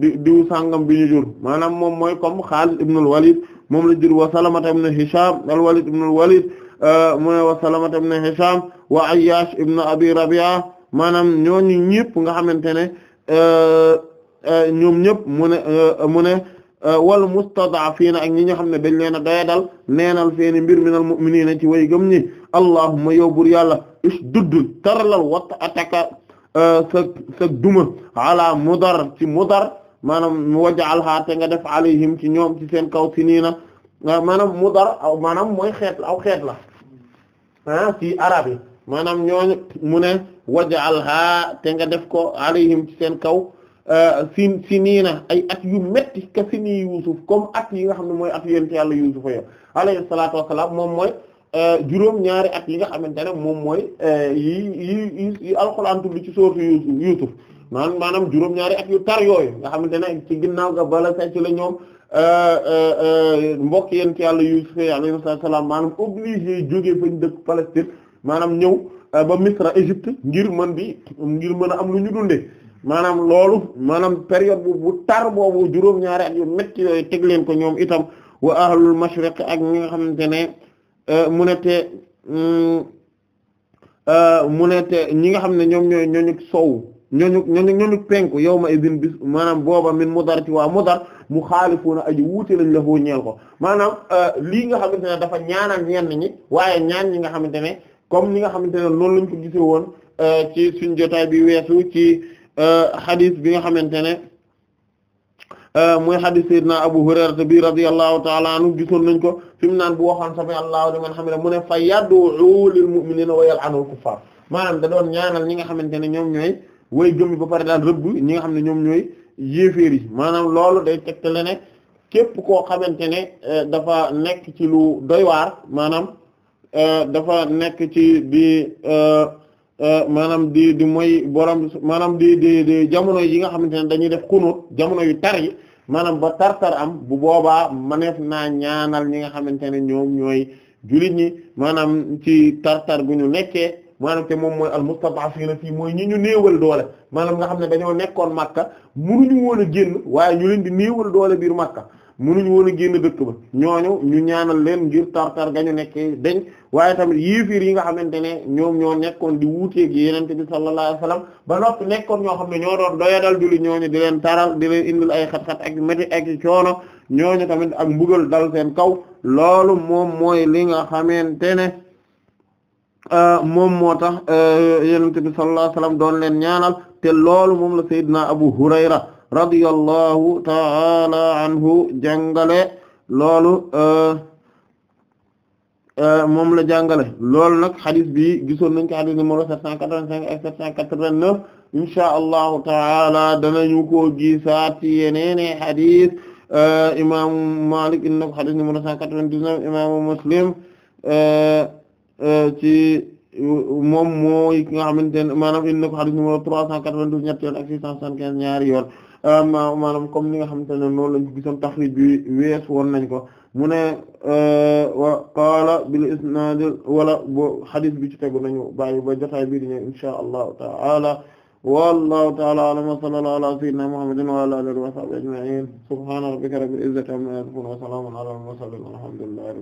di diw sàngam bi ñu jur maanaam moom mooy comme Xaalid ibn al-Walid moom la jur wa Salamata ibn Hisham al-Walid ibn al-Walid euh, mu ne wa Salamata ibn Hisham wa Ayyash ibn Abi Rabi'a maanaam ñooñu ñëpp nga xamante ne euh, euh, ñoom ñëpp mu ne mu ne wal mustad'afina ak ñi nga xam ne dañ leen a doyadal neenal seeni mbir minal mu'minina ci way gëm ñi allahumma yow bur yàlla ishdud tarlal wat ataka Euh, sa sa duma ala mudar ci mudar maanaam waj'alha te nga def alayhim ci ñoom ci seen kaw siniina maanaam mudar aw maanaam mooy xeet aw xeet la ah ci arab yi maanaam ñooñu mu ne waj'alha te nga def ko alayhim ci seen kaw euh, sin siniina ay at yu metti ka sini Yuusuf comme at yi nga xam ne mooy at yent yàlla Yuusuf yo alayhi salaatu wassalaam moom mooy Euh, juróom ñaari at yi nga xamante ne moom mooy euh, yi yi yi alxuraan tudd ci sourate Yuusuf maanaam juróom ñaari at yu tar yooyu nga xamante ne ci ginnaaw ga bala say ci la ñoom euh, mbokk yent yàlla Yuusuf alayhi salaam maanaam obligé jógee fañ dëkk Palestine maanaam ñëw ba Misra Égypte ngir mën di ngir mën a am lu ñu dundee maanaam loolu maanaam période bu bu tar boobu juróom ñaari at yu métti yooyu teg leen ko ñoom itam wa ahlul mashriq ak nga xamante ne Euh, mu ne te mm, euh, mu ne te ñi nga xam ne ñoom ñooy ñooñu sow ñooñu ñooñu ñooñu penku yow ma idin bis maanaam booba min mudar ci waa mudar mu xaalifuuna aji wuute lañ la foo ñeel ko maanaam euh, lii nga xamante ne dafa ñaanal ñenn ñi waaye ñaan ñi nga xamante ne comme ñi nga xamante ne noonu lañ ko gisee woon ci suñ jotaay bi weesu ci hadith bi nga xamante ne. Euh, muy hadith sayyidina Abu Hurayra bi radiyallahu ta'ala anhu gisoon nañ ko fi mu naan bu waxoon sami Allahu liman hamida mu ne fa yad'u lil mu'minina wa yal'anu al kuffar maanaam da doon ñaanal ñi nga xamante ne ñoom ñooy way gëm ba pare daan rëbb ñi nga xam ne ñoom ñooy yéeféer maanaam loolu day tegtale ne képp koo xamante ne euh, dafa nekk ci lu doy waar maanaam euh, dafa nekk ci di. Euh, maanaam di di mooy borom maanaam di di di jamono yi nga xamante ne dañuy def kunut jamono yu tar yi maanaam ba tar-tar am bu boobaa maneef naa ñaanal ñi nga xamante ne ñoom ñooy jullit ñi maanaam ci tar-tar bu ñu nekkee maanaam te moom mooy almustad'afiina fii mooy ñu ñu néewal doole maanaam nga xam ne dañoo nekkoon Makka mënuñu woon a génn waaye ñu leen di néewal doole biir Makka munuñ woon a génn dëkk ba ñooñu ñu ñaanal leen ngir tartar gañu nekkee dañ waaye tamit yéefiir yi nga xamante ne ñoom ñoo nekkoon di wuuteeg yenente bi sallallahu alayhi wasallam ba noppi nekkoon ñoo xam ne ñoo doon doyadal julli ñooñu di leen taral di leen indil ay xat-xat ak méti ak coono ñooñu tamit ak mbugal dal seen kaw loolu moom mooy li nga xamante ne euh, moom moo tax euh, yenente bi sallallahu alayhi wasallam doon leen ñaanal te loolu moom la Seydina Abu Hurayra radiyallahu ta'ala anhu jàngale loolu euh, euh, moom la jàngale loolu nag xadis bi gisoon nañ ko xadis numéro 785 ak 789 insha allahu taala danañu ko gisaat ci yeneene xadis euh, imaamu Malik inna ko xadis numéro 199 imaamu Muslim ci moom mooy ki nga xamante ne maanaam inna ko xadis numéro 392 ñetti yoon ak 675 ñaari yoon Euh, maanaam comme ni nga xamante ne noonu lañ gisoon taxrij bi wees woon nañ ko mu ne euh, wa qaala bil isnaad wala bo hadith bi ci tegu nañu bàyyi ba jotaay bi di ñëw inshaa allahu taala wallahu taala alam wa sallallahu ala sayyidina muhammadin wa ala alihi wa sahbihi ajma'in subhaana rabbika rabbil izzati amma yasifun wa salaamun ala al mursalin